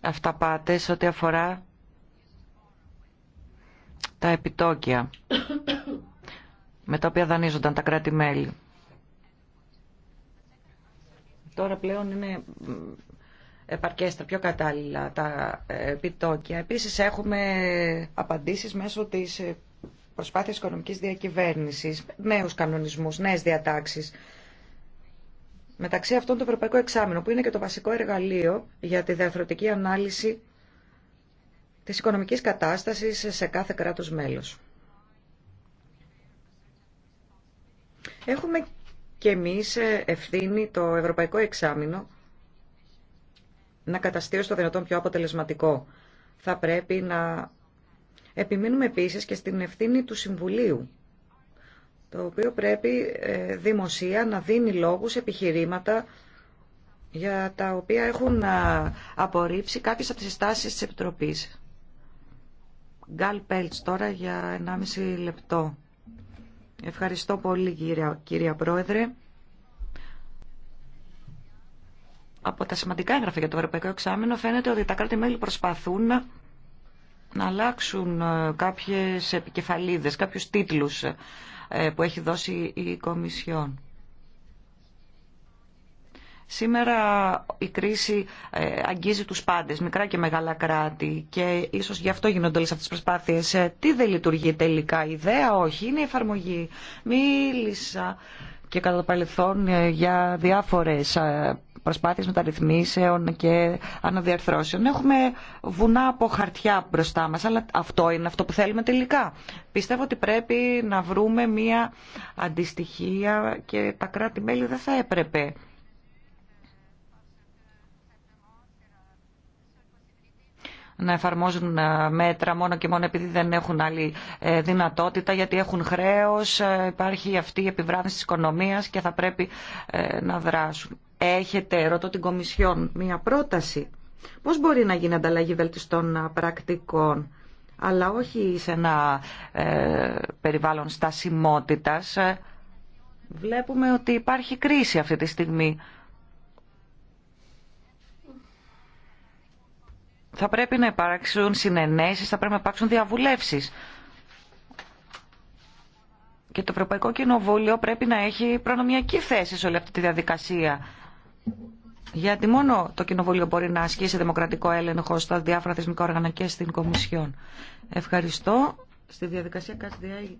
Speaker 2: αυταπάτες ό,τι αφορά τα επιτόκια με τα οποία δανείζονταν τα κράτη-μέλη τώρα πλέον είναι επαρκές τα πιο κατάλληλα τα ε, επιτόκια. Επίσης έχουμε απαντήσεις μέσω της ε, προσπάθειας οικονομικής διακυβέρνησης, νέους κανονισμούς, νέες διατάξεις. Μεταξύ αυτών το Ευρωπαϊκό Εξάμεινο, που είναι και το βασικό εργαλείο για τη διαφορετική ανάλυση της οικονομικής κατάστασης σε κάθε κράτος μέλος. Έχουμε και εμείς ε, ευθύνει το Ευρωπαϊκό Εξάμεινο να καταστεί το δυνατόν πιο αποτελεσματικό. Θα πρέπει να επιμείνουμε επίσης και στην ευθύνη του Συμβουλίου, το οποίο πρέπει ε, δημοσία να δίνει λόγους επιχειρήματα για τα οποία έχουν ε, απορρίψει κάποιες από τις συστάσεις της Επιτροπής. Γκάλ Πέλτς τώρα για 1,5 λεπτό. Ευχαριστώ πολύ κυρία, κυρία Πρόεδρε. Από τα σημαντικά έγγραφα για το Ευρωπαϊκό εξάμενο φαίνεται ότι τα κράτη-μέλη προσπαθούν να αλλάξουν ε, κάποιες επικεφαλίδες, κάποιους τίτλους ε, που έχει δώσει η Κομισιόν. Σήμερα η κρίση ε, αγγίζει τους πάντες, μικρά και μεγάλα κράτη και ίσως γι' αυτό γίνονται όλες αυτές τις προσπάθειες. Ε, τι δεν λειτουργεί τελικά, ιδέα όχι, είναι η εφαρμογή. Μίλησα και κατά το παρελθόν ε, για διάφορες προσπάθειες μεταρρυθμίσεων και αναδιαρθρώσεων. Έχουμε βουνά από χαρτιά μπροστά μας, αλλά αυτό είναι αυτό που θέλουμε τελικά. Πιστεύω ότι πρέπει να βρούμε μία αντιστοιχία και τα κράτη-μέλη δεν θα έπρεπε να εφαρμόζουν ε, μέτρα μόνο και μόνο επειδή δεν έχουν άλλη ε, δυνατότητα, γιατί έχουν χρέος, ε, υπάρχει αυτή η επιβράδυνση της οικονομίας και θα πρέπει να δράσουν. Έχετε, ρωτώ την Κομισιόν, μία πρόταση. Πώς μπορεί να γίνει ανταλλαγή βελτιστών πρακτικών, αλλά όχι σε ένα περιβάλλον στασιμότητας. Βλέπουμε ότι υπάρχει κρίση αυτή τη στιγμή θα πρέπει να υπάρξουν συνενέσεις, θα πρέπει να υπάρξουν διαβουλεύσεις. Και το Ευρωπαϊκό Κοινοβούλιο πρέπει να έχει προνομιακή θέση σε όλη αυτή τη διαδικασία. Γιατί μόνο το Κοινοβούλιο μπορεί να ασκήσει δημοκρατικό έλεγχο στα διάφορα θεσμικά όργανα και στην Κομισιόν. Ευχαριστώ. Στη διαδικασία Κατσδιάη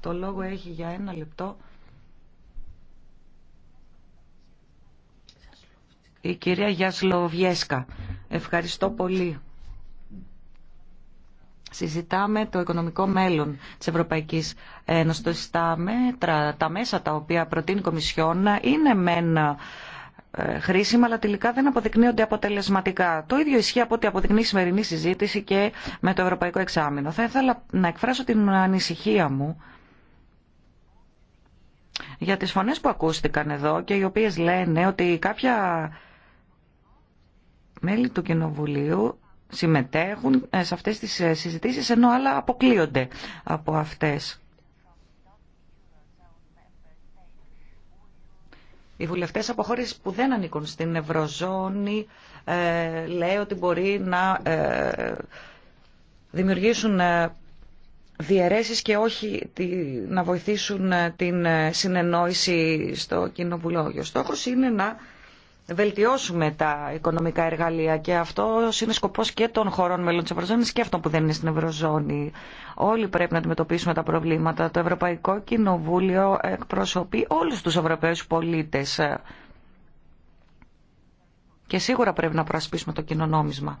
Speaker 2: το λόγο έχει για ένα λεπτό η κυρία Γιασλοβιέσκα. Ευχαριστώ πολύ. Συζητάμε το οικονομικό μέλλον της Ευρωπαϊκής Ένωσης. Τα τα μέσα τα οποία προτείνει η Κομισιόν είναι ένα ε, χρήσιμα, αλλά τελικά δεν αποδεικνύονται αποτελεσματικά. Το ίδιο ισχύει από ό,τι αποδεικνύει η σημερινή συζήτηση και με το Ευρωπαϊκό Εξάμεινο. Θα ήθελα να εκφράσω την ανησυχία μου για τις φωνές που ακούστηκαν εδώ και οι οποίες λένε ότι κάποια μέλη του Κοινοβουλίου συμμετέχουν ε, σε αυτές τις ε, συζητήσεις ενώ άλλα αποκλείονται από αυτές. Οι βουλευτές από χώρες που δεν ανήκουν στην Ευρωζώνη ε, λέει ότι μπορεί να δημιουργήσουν διαιρέσεις και όχι τη, να βοηθήσουν την συνεννόηση στο κοινοβουλόγιο. στόχος είναι να βελτιώσουμε τα οικονομικά εργαλεία και αυτό είναι σκοπό και των χωρών μελών τη Ευρωζώνη και αυτών που δεν είναι στην Ευρωζώνη. Όλοι πρέπει να αντιμετωπίσουμε τα προβλήματα. Το Ευρωπαϊκό Κοινοβούλιο εκπροσωπεί όλου του Ευρωπαίου πολίτε. Και σίγουρα πρέπει να προασπίσουμε το κοινωνόμισμα.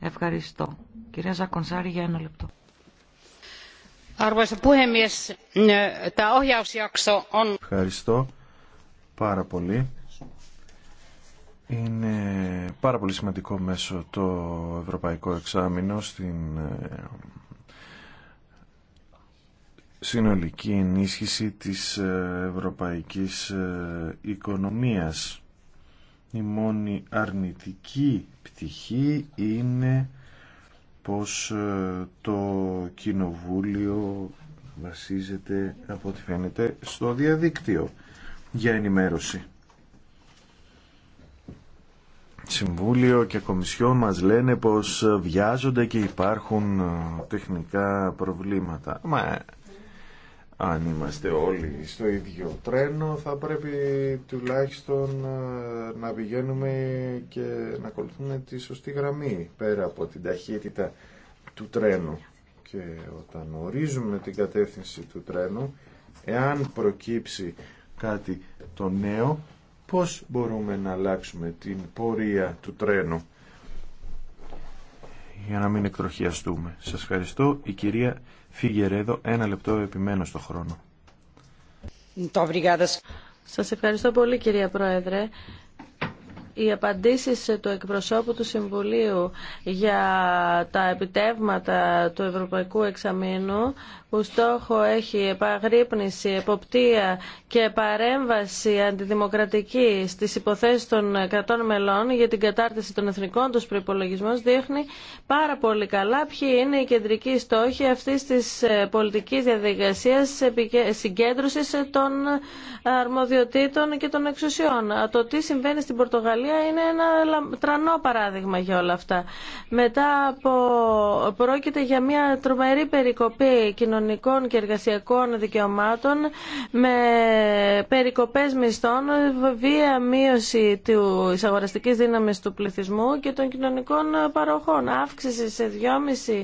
Speaker 2: Ευχαριστώ. Κυρία Ζακονσάρη, για ένα λεπτό.
Speaker 3: Ευχαριστώ πάρα πολύ είναι πάρα πολύ σημαντικό μέσο το Ευρωπαϊκό Εξάμεινο στην ε, συνολική ενίσχυση της ε, ευρωπαϊκής ε, οικονομίας. Η μόνη αρνητική πτυχή είναι πως το κοινοβούλιο βασίζεται από ό,τι φαίνεται στο διαδίκτυο για ενημέρωση. Συμβούλιο και Κομισιόν μας λένε πως βιάζονται και υπάρχουν ε, τεχνικά προβλήματα. Μα αν είμαστε όλοι στο ίδιο τρένο θα πρέπει τουλάχιστον ε, να πηγαίνουμε και να ακολουθούμε τη σωστή γραμμή πέρα από την ταχύτητα του τρένου. Και όταν ορίζουμε την κατεύθυνση του τρένου, εάν προκύψει κάτι το νέο, πώς μπορούμε να αλλάξουμε την πορεία του τρένου για να μην εκτροχιαστούμε. Σας ευχαριστώ. Η κυρία Φιγερέδο, ένα λεπτό επιμένω στο χρόνο.
Speaker 4: Σας ευχαριστώ πολύ κυρία Πρόεδρε οι απαντήσεις του εκπροσώπου του Συμβουλίου για τα επιτεύγματα του Ευρωπαϊκού Εξαμήνου που στόχο έχει επαγρύπνηση, εποπτεία και παρέμβαση αντιδημοκρατική στις υποθέσεις των κρατών μελών για την κατάρτιση των εθνικών τους προϋπολογισμών δείχνει πάρα πολύ καλά ποιοι είναι οι κεντρικοί στόχοι αυτής της πολιτικής διαδικασίας συγκέντρωσης των αρμοδιοτήτων και των εξουσιών. Το τι συμβαίνει στην Πορτογαλία είναι ένα τρανό παράδειγμα για όλα αυτά. Μετά από... πρόκειται για μια τρομερή περικοπή κοινωνικών και εργασιακών δικαιωμάτων με περικοπές μισθών, βία μείωση του αγοραστικής δύναμη του πληθυσμού και των κοινωνικών παροχών. Αύξηση σε 2,5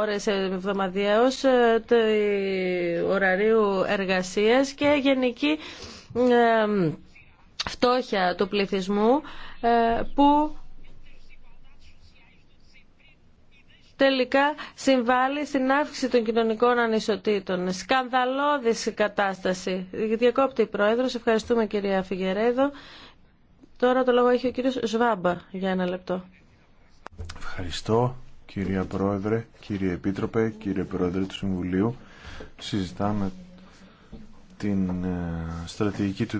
Speaker 4: ώρες εβδομαδιαίως ε, του ωραρίου εργασίας και γενική ε, φτώχεια του πληθυσμού ε, που τελικά συμβάλλει στην αύξηση των κοινωνικών ανισοτήτων. Σκανδαλώδης κατάσταση. Διακόπτη η Πρόεδρος. Ευχαριστούμε κυρία Φιγερέδο. Τώρα το λόγο έχει ο κύριος Σβάμπα για ένα λεπτό.
Speaker 3: Ευχαριστώ κυρία Πρόεδρε, κύριε Επίτροπε, κύριε Πρόεδρε του Συμβουλίου. Συζητάμε την ε, στρατηγική του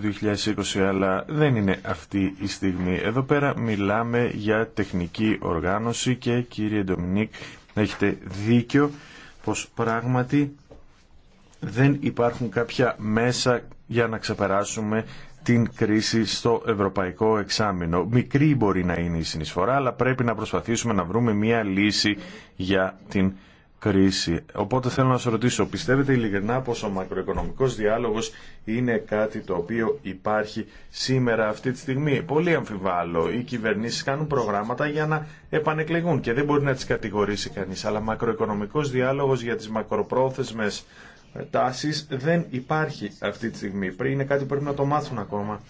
Speaker 3: 2020, αλλά δεν είναι αυτή η στιγμή. Εδώ πέρα μιλάμε για τεχνική οργάνωση και κύριε Ντομινίκ, έχετε δίκιο πως πράγματι δεν υπάρχουν κάποια μέσα για να ξεπεράσουμε την κρίση στο ευρωπαϊκό εξάμεινο. Μικρή μπορεί να είναι η συνεισφορά, αλλά πρέπει να προσπαθήσουμε να βρούμε μια λύση για την κρίση κρίση. Οπότε θέλω να σα ρωτήσω, πιστεύετε ειλικρινά πω ο μακροοικονομικός διάλογο είναι κάτι το οποίο υπάρχει σήμερα αυτή τη στιγμή. Πολύ αμφιβάλλω. Οι κυβερνήσει κάνουν προγράμματα για να επανεκλεγούν και δεν μπορεί να τι κατηγορήσει κανεί, Αλλά μακροοικονομικό διάλογο για τι μακροπρόθεσμε τάσει δεν υπάρχει αυτή τη στιγμή. Είναι κάτι που πρέπει να το μάθουν ακόμα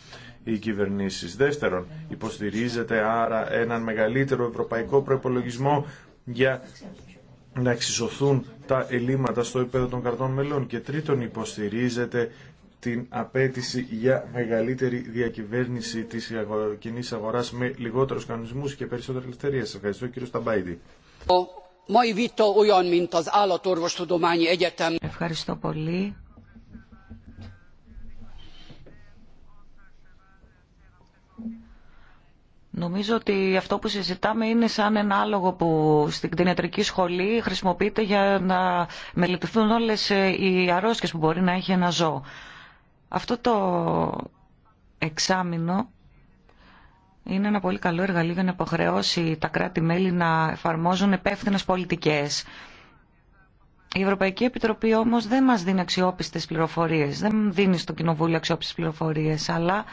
Speaker 3: οι κυβερνήσεις. Δεύτερον, υποστηρίζεται άρα έναν μεγαλύτερο ευρωπαϊκό προπολογισμό για να εξισωθούν τα ελλείμματα στο επίπεδο των κρατών μελών και τρίτον υποστηρίζεται την απέτηση για μεγαλύτερη διακυβέρνηση της κοινή αγοράς με λιγότερους κανονισμούς και περισσότερη ελευθερία. Σας ευχαριστώ κύριο Σταμπάιντι.
Speaker 2: Ευχαριστώ πολύ. Νομίζω ότι αυτό που συζητάμε είναι σαν ένα άλογο που στην κτηνιατρική σχολή χρησιμοποιείται για να μελετηθούν όλες ε, οι αρρώσκες που μπορεί να έχει ένα ζώο. Αυτό το εξάμεινο είναι ένα πολύ καλό εργαλείο για να υποχρεώσει τα κράτη-μέλη να εφαρμόζουν επεύθυνες πολιτικές. Η Ευρωπαϊκή Επιτροπή όμως δεν μας δίνει αξιόπιστες πληροφορίες, δεν δίνει στο Κοινοβούλιο αξιόπιστες πληροφορίες, αλλά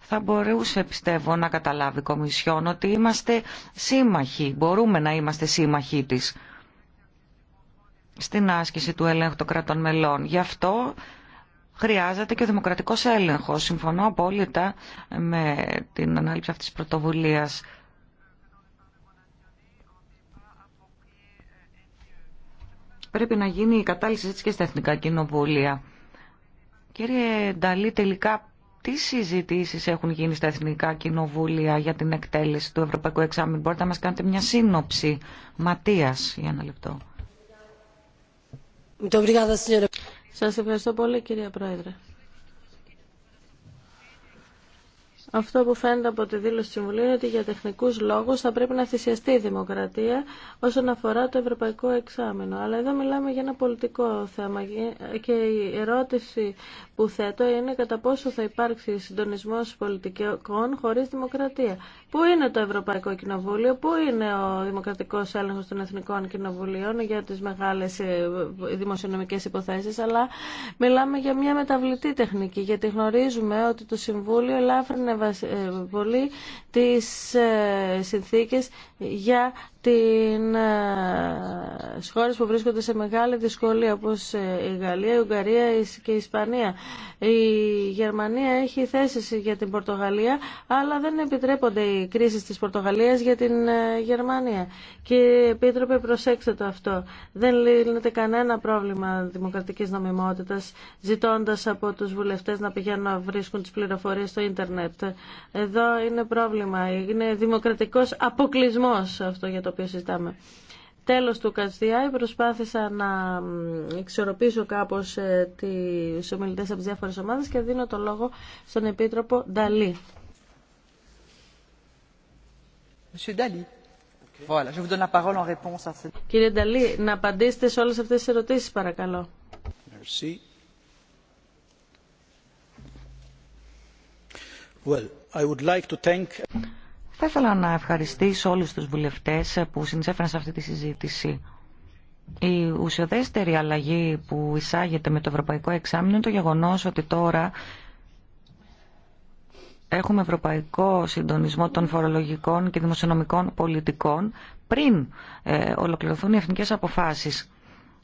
Speaker 2: θα μπορούσε πιστεύω να καταλάβει η Κομισιόν ότι είμαστε σύμμαχοι, μπορούμε να είμαστε σύμμαχοι της στην άσκηση του έλεγχου των κρατών μελών. Γι' αυτό χρειάζεται και ο δημοκρατικός έλεγχος. Συμφωνώ απόλυτα με την ανάληψη αυτής της πρωτοβουλίας. Πρέπει να γίνει η κατάλυση έτσι και στα εθνικά κοινοβούλια. Κύριε Νταλή, τελικά τι συζητήσεις έχουν γίνει στα εθνικά κοινοβούλια για την εκτέλεση του Ευρωπαϊκού Εξάμεινου. Μπορείτε να μας κάνετε μια σύνοψη. Ματίας, για ένα λεπτό.
Speaker 4: Σας ευχαριστώ πολύ κύριε Πρόεδρε. Αυτό που φαίνεται από τη δήλωση του Συμβουλίου είναι ότι για τεχνικούς λόγους θα πρέπει να θυσιαστεί η δημοκρατία όσον αφορά το ευρωπαϊκό εξάμεινο. Αλλά εδώ μιλάμε για ένα πολιτικό θέμα και η ερώτηση που θέτω είναι κατά πόσο θα υπάρξει συντονισμός πολιτικών χωρίς δημοκρατία. Πού είναι το Ευρωπαϊκό Κοινοβούλιο, πού είναι ο δημοκρατικός έλεγχος των Εθνικών Κοινοβουλίων για τις μεγάλες ε, ε, δημοσιονομικές υποθέσεις, αλλά μιλάμε για μια μεταβλητή τεχνική, γιατί γνωρίζουμε ότι το Συμβούλιο ελάφρυνε ε, πολύ τις συνθήκες για την, ε, στις χώρες που βρίσκονται σε μεγάλη δυσκολία όπως ε, η Γαλλία, η Ουγγαρία και η Ισπανία. Η Γερμανία έχει θέσεις για την Πορτογαλία αλλά δεν επιτρέπονται οι κρίσεις της Πορτογαλίας για την ε, Γερμανία. Και επίτροπε προσέξτε το αυτό. Δεν λύνεται κανένα πρόβλημα δημοκρατικής νομιμότητας ζητώντας από τους βουλευτές να πηγαίνουν να βρίσκουν τις πληροφορίες στο ίντερνετ. Εδώ είναι πρόβλημα. Είναι δημοκρατικός αποκλεισμός αυτό για το το οποίο συζητάμε. Τέλος του Κατσδιάη προσπάθησα να εξορροπήσω κάπως ε, τις ομιλητές από τις διάφορες ομάδες και δίνω το λόγο στον Επίτροπο Νταλή. Κύριε Νταλή, να απαντήσετε σε όλες αυτές τις ερωτήσεις παρακαλώ. Merci.
Speaker 1: Well, I would like to thank...
Speaker 2: Θα ήθελα να ευχαριστήσω όλους τους βουλευτές που συνεισέφεραν σε αυτή τη συζήτηση. Η ουσιοδέστερη αλλαγή που εισάγεται με το Ευρωπαϊκό Εξάμεινο είναι το γεγονός ότι τώρα έχουμε Ευρωπαϊκό Συντονισμό των Φορολογικών και Δημοσιονομικών Πολιτικών πριν ε, ολοκληρωθούν οι εθνικές αποφάσεις.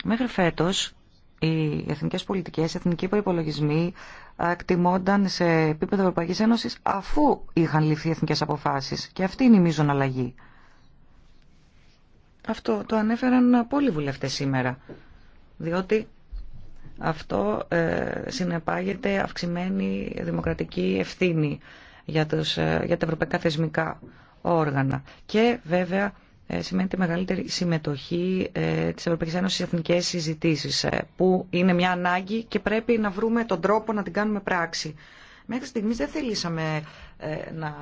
Speaker 2: Μέχρι φέτος οι εθνικές πολιτικές, οι εθνικοί προϋπολογισμοί εκτιμώνταν σε επίπεδο Ευρωπαϊκής Ένωσης αφού είχαν ληφθεί εθνικές αποφάσεις. Και αυτή είναι η μείζων αλλαγή. Αυτό το ανέφεραν πολλοί βουλευτές σήμερα, διότι αυτό ε, συνεπάγεται αυξημένη δημοκρατική ευθύνη για, τους, ε, για τα ευρωπαϊκά θεσμικά όργανα. Και βέβαια ε, σημαίνει τη μεγαλύτερη συμμετοχή ε, της Ευρωπαϊκής Ένωσης Εθνικέ εθνικές συζητήσεις, ε, που είναι μια ανάγκη και πρέπει να βρούμε τον τρόπο να την κάνουμε πράξη. Μέχρι στιγμή δεν θελήσαμε να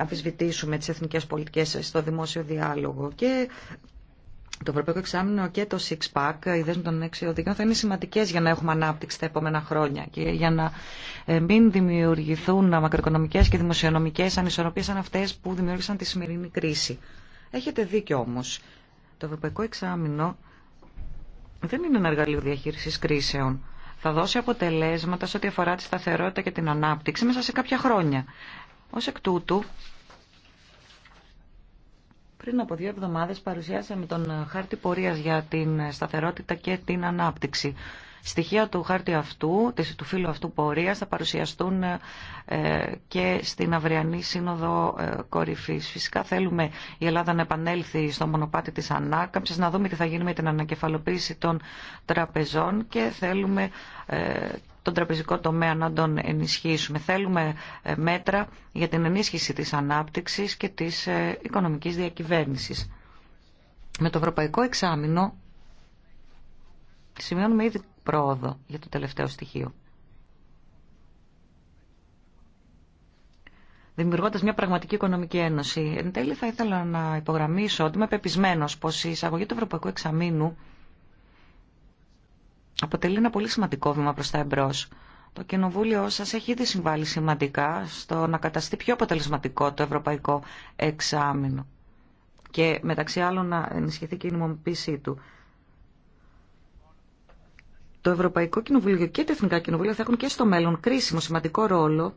Speaker 2: αμφισβητήσουμε τις εθνικές πολιτικές στο δημόσιο διάλογο και το Ευρωπαϊκό Εξάμεινο και το Six Pack, οι δέσμε των έξι οδηγών, θα είναι σημαντικέ για να έχουμε ανάπτυξη τα επόμενα χρόνια και για να μην δημιουργηθούν μακροοικονομικέ και δημοσιονομικέ ανισορροπίε σαν αυτέ που δημιούργησαν τη σημερινή κρίση. Έχετε δίκιο όμως. Το Ευρωπαϊκό Εξάμεινο δεν είναι ένα εργαλείο διαχείρισης κρίσεων. Θα δώσει αποτελέσματα σε ό,τι αφορά τη σταθερότητα και την ανάπτυξη μέσα σε κάποια χρόνια. Ως εκ τούτου, πριν από δύο εβδομάδες παρουσιάσαμε τον χάρτη πορείας για την σταθερότητα και την ανάπτυξη στοιχεία του χάρτη αυτού, του φύλου αυτού πορείας, θα παρουσιαστούν ε, και στην αυριανή σύνοδο ε, κορυφής. Φυσικά θέλουμε η Ελλάδα να επανέλθει στο μονοπάτι της ανάκαμψης, να δούμε τι θα γίνει με την ανακεφαλοποίηση των τραπεζών και θέλουμε ε, τον τραπεζικό τομέα να τον ενισχύσουμε. Θέλουμε μέτρα για την ενίσχυση της ανάπτυξης και της οικονομικής διακυβέρνησης. Με το Ευρωπαϊκό Εξάμεινο σημειώνουμε ήδη πρόοδο για το τελευταίο στοιχείο. Δημιουργώντα μια πραγματική οικονομική ένωση. Εν τέλει, θα ήθελα να υπογραμμίσω ότι είμαι πεπισμένο πω η εισαγωγή του Ευρωπαϊκού Εξαμήνου αποτελεί ένα πολύ σημαντικό βήμα προ τα εμπρό. Το κοινοβούλιο σα έχει ήδη συμβάλει σημαντικά στο να καταστεί πιο αποτελεσματικό το Ευρωπαϊκό Εξάμεινο και μεταξύ άλλων να ενισχυθεί και η νομοποίησή του το Ευρωπαϊκό Κοινοβούλιο και τα Εθνικά Κοινοβούλια θα έχουν και στο μέλλον κρίσιμο σημαντικό ρόλο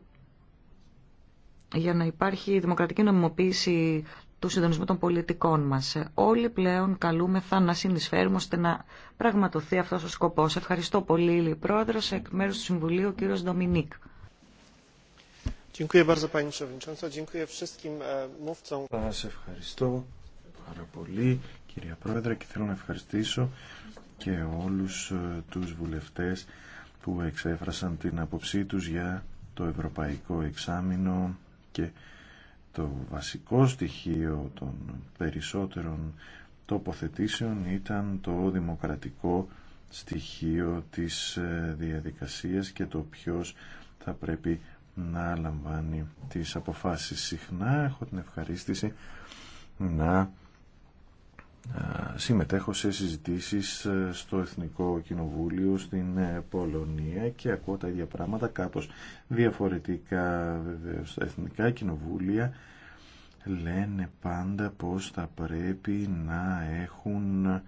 Speaker 2: για να υπάρχει δημοκρατική νομιμοποίηση του συντονισμού των πολιτικών μας. Όλοι πλέον καλούμεθα να συνεισφέρουμε ώστε να πραγματοθεί αυτό ο σκοπό. Ευχαριστώ πολύ, πρόεδρο εκ μέρου του Συμβουλίου, ο κύριο Ντομινίκ.
Speaker 3: E, Σα ευχαριστώ πάρα πολύ, κυρία Πρόεδρε, και θέλω να ευχαριστήσω και όλους ε, τους βουλευτές που εξέφρασαν την αποψή τους για το Ευρωπαϊκό Εξάμεινο και το βασικό στοιχείο των περισσότερων τοποθετήσεων ήταν το δημοκρατικό στοιχείο της ε, διαδικασίας και το ποιος θα πρέπει να λαμβάνει τις αποφάσεις. Συχνά έχω την ευχαρίστηση να συμμετέχω σε συζητήσεις ε, στο Εθνικό Κοινοβούλιο στην ε, Πολωνία και ακούω τα ίδια πράγματα κάπως διαφορετικά βέβαια. Τα Εθνικά Κοινοβούλια λένε πάντα πως θα πρέπει να έχουν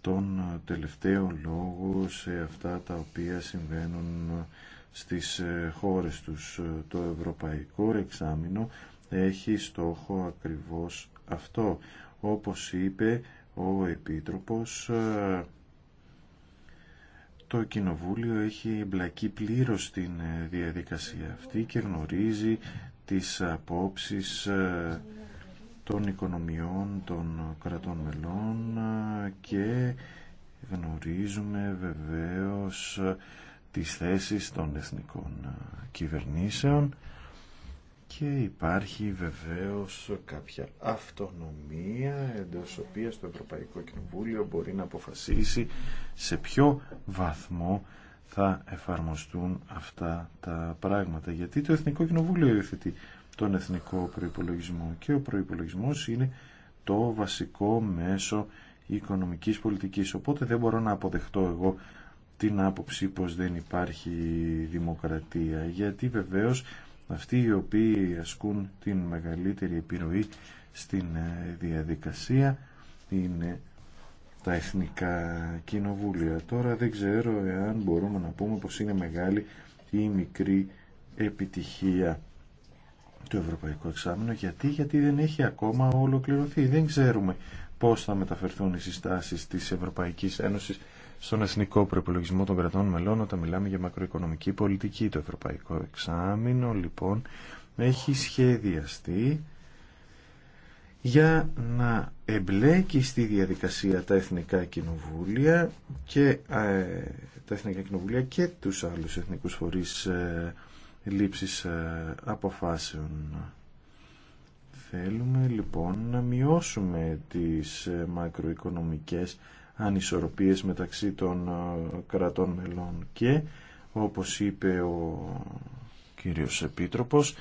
Speaker 3: τον τελευταίο λόγο σε αυτά τα οποία συμβαίνουν στις ε, χώρες τους. Το Ευρωπαϊκό Εξάμεινο έχει στόχο ακριβώς αυτό όπως είπε ο Επίτροπος, ε, το Κοινοβούλιο έχει εμπλακεί πλήρως στην ε, διαδικασία αυτή και γνωρίζει τις απόψεις ε, των οικονομιών των κρατών μελών και γνωρίζουμε βεβαίως τις θέσεις των εθνικών κυβερνήσεων και υπάρχει βεβαίως κάποια αυτονομία εντός οποίας το Ευρωπαϊκό Κοινοβούλιο μπορεί να αποφασίσει σε ποιο βαθμό θα εφαρμοστούν αυτά τα πράγματα. Γιατί το Εθνικό Κοινοβούλιο υιοθετεί τον Εθνικό Προϋπολογισμό και ο προϋπολογισμός είναι το βασικό μέσο οικονομικής πολιτικής. Οπότε δεν μπορώ να αποδεχτώ εγώ την άποψη πως δεν υπάρχει δημοκρατία γιατί βεβαίως αυτοί οι οποίοι ασκούν την μεγαλύτερη επιρροή στην ε, διαδικασία είναι τα εθνικά κοινοβούλια. Τώρα δεν ξέρω εάν μπορούμε να πούμε πως είναι μεγάλη ή μικρή επιτυχία το Ευρωπαϊκό Εξάμεινο. Γιατί, γιατί δεν έχει ακόμα ολοκληρωθεί. Δεν ξέρουμε πώς θα μεταφερθούν οι συστάσεις της Ευρωπαϊκής Ένωσης στον εθνικό προπολογισμό των κρατών μελών όταν μιλάμε για μακροοικονομική πολιτική. Το Ευρωπαϊκό Εξάμεινο λοιπόν έχει σχεδιαστεί για να εμπλέκει στη διαδικασία τα εθνικά κοινοβούλια και ε, τα εθνικά κοινοβούλια και τους άλλους εθνικούς φορείς ε, λήψης ε, αποφάσεων. Θέλουμε λοιπόν να μειώσουμε τις ε, μακροοικονομικές ανισορροπίες μεταξύ των ε, κρατών μελών και όπως είπε ο κύριος Επίτροπος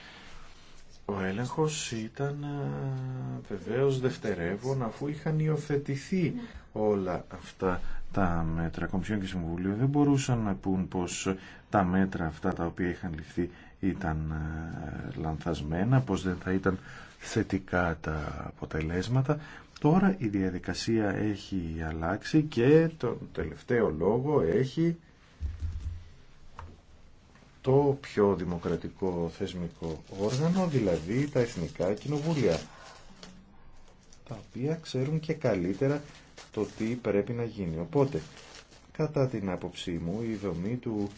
Speaker 3: ο έλεγχος ήταν ε, βεβαίως δευτερεύον αφού είχαν υιοθετηθεί όλα αυτά τα μέτρα Κομισιόν και Συμβουλίου δεν μπορούσαν να πούν πως τα μέτρα αυτά τα οποία είχαν ληφθεί ήταν ε, λανθασμένα, πως δεν θα ήταν θετικά τα αποτελέσματα Τώρα η διαδικασία έχει αλλάξει και τον τελευταίο λόγο έχει το πιο δημοκρατικό θεσμικό όργανο, δηλαδή τα εθνικά κοινοβούλια, τα οποία ξέρουν και καλύτερα το τι πρέπει να γίνει. Οπότε, κατά την άποψή μου, η δομή του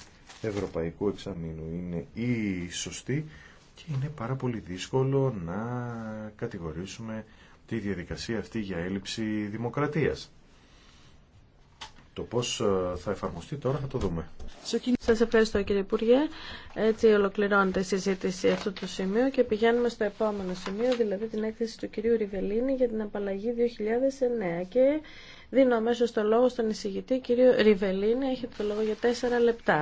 Speaker 3: Ευρωπαϊκού Εξαμήνου είναι η σωστή και είναι πάρα πολύ δύσκολο να κατηγορήσουμε τη διαδικασία αυτή για έλλειψη δημοκρατίας. Το πώς ε, θα εφαρμοστεί τώρα θα το δούμε.
Speaker 4: Σας ευχαριστώ κύριε Υπουργέ. Έτσι ολοκληρώνεται η συζήτηση αυτού του σημείου και πηγαίνουμε στο επόμενο σημείο, δηλαδή την έκθεση του κυρίου Ριβελίνη για την απαλλαγή 2009. Και δίνω αμέσως το λόγο στον εισηγητή κύριο Ριβελίνη. Έχετε το λόγο για τέσσερα λεπτά.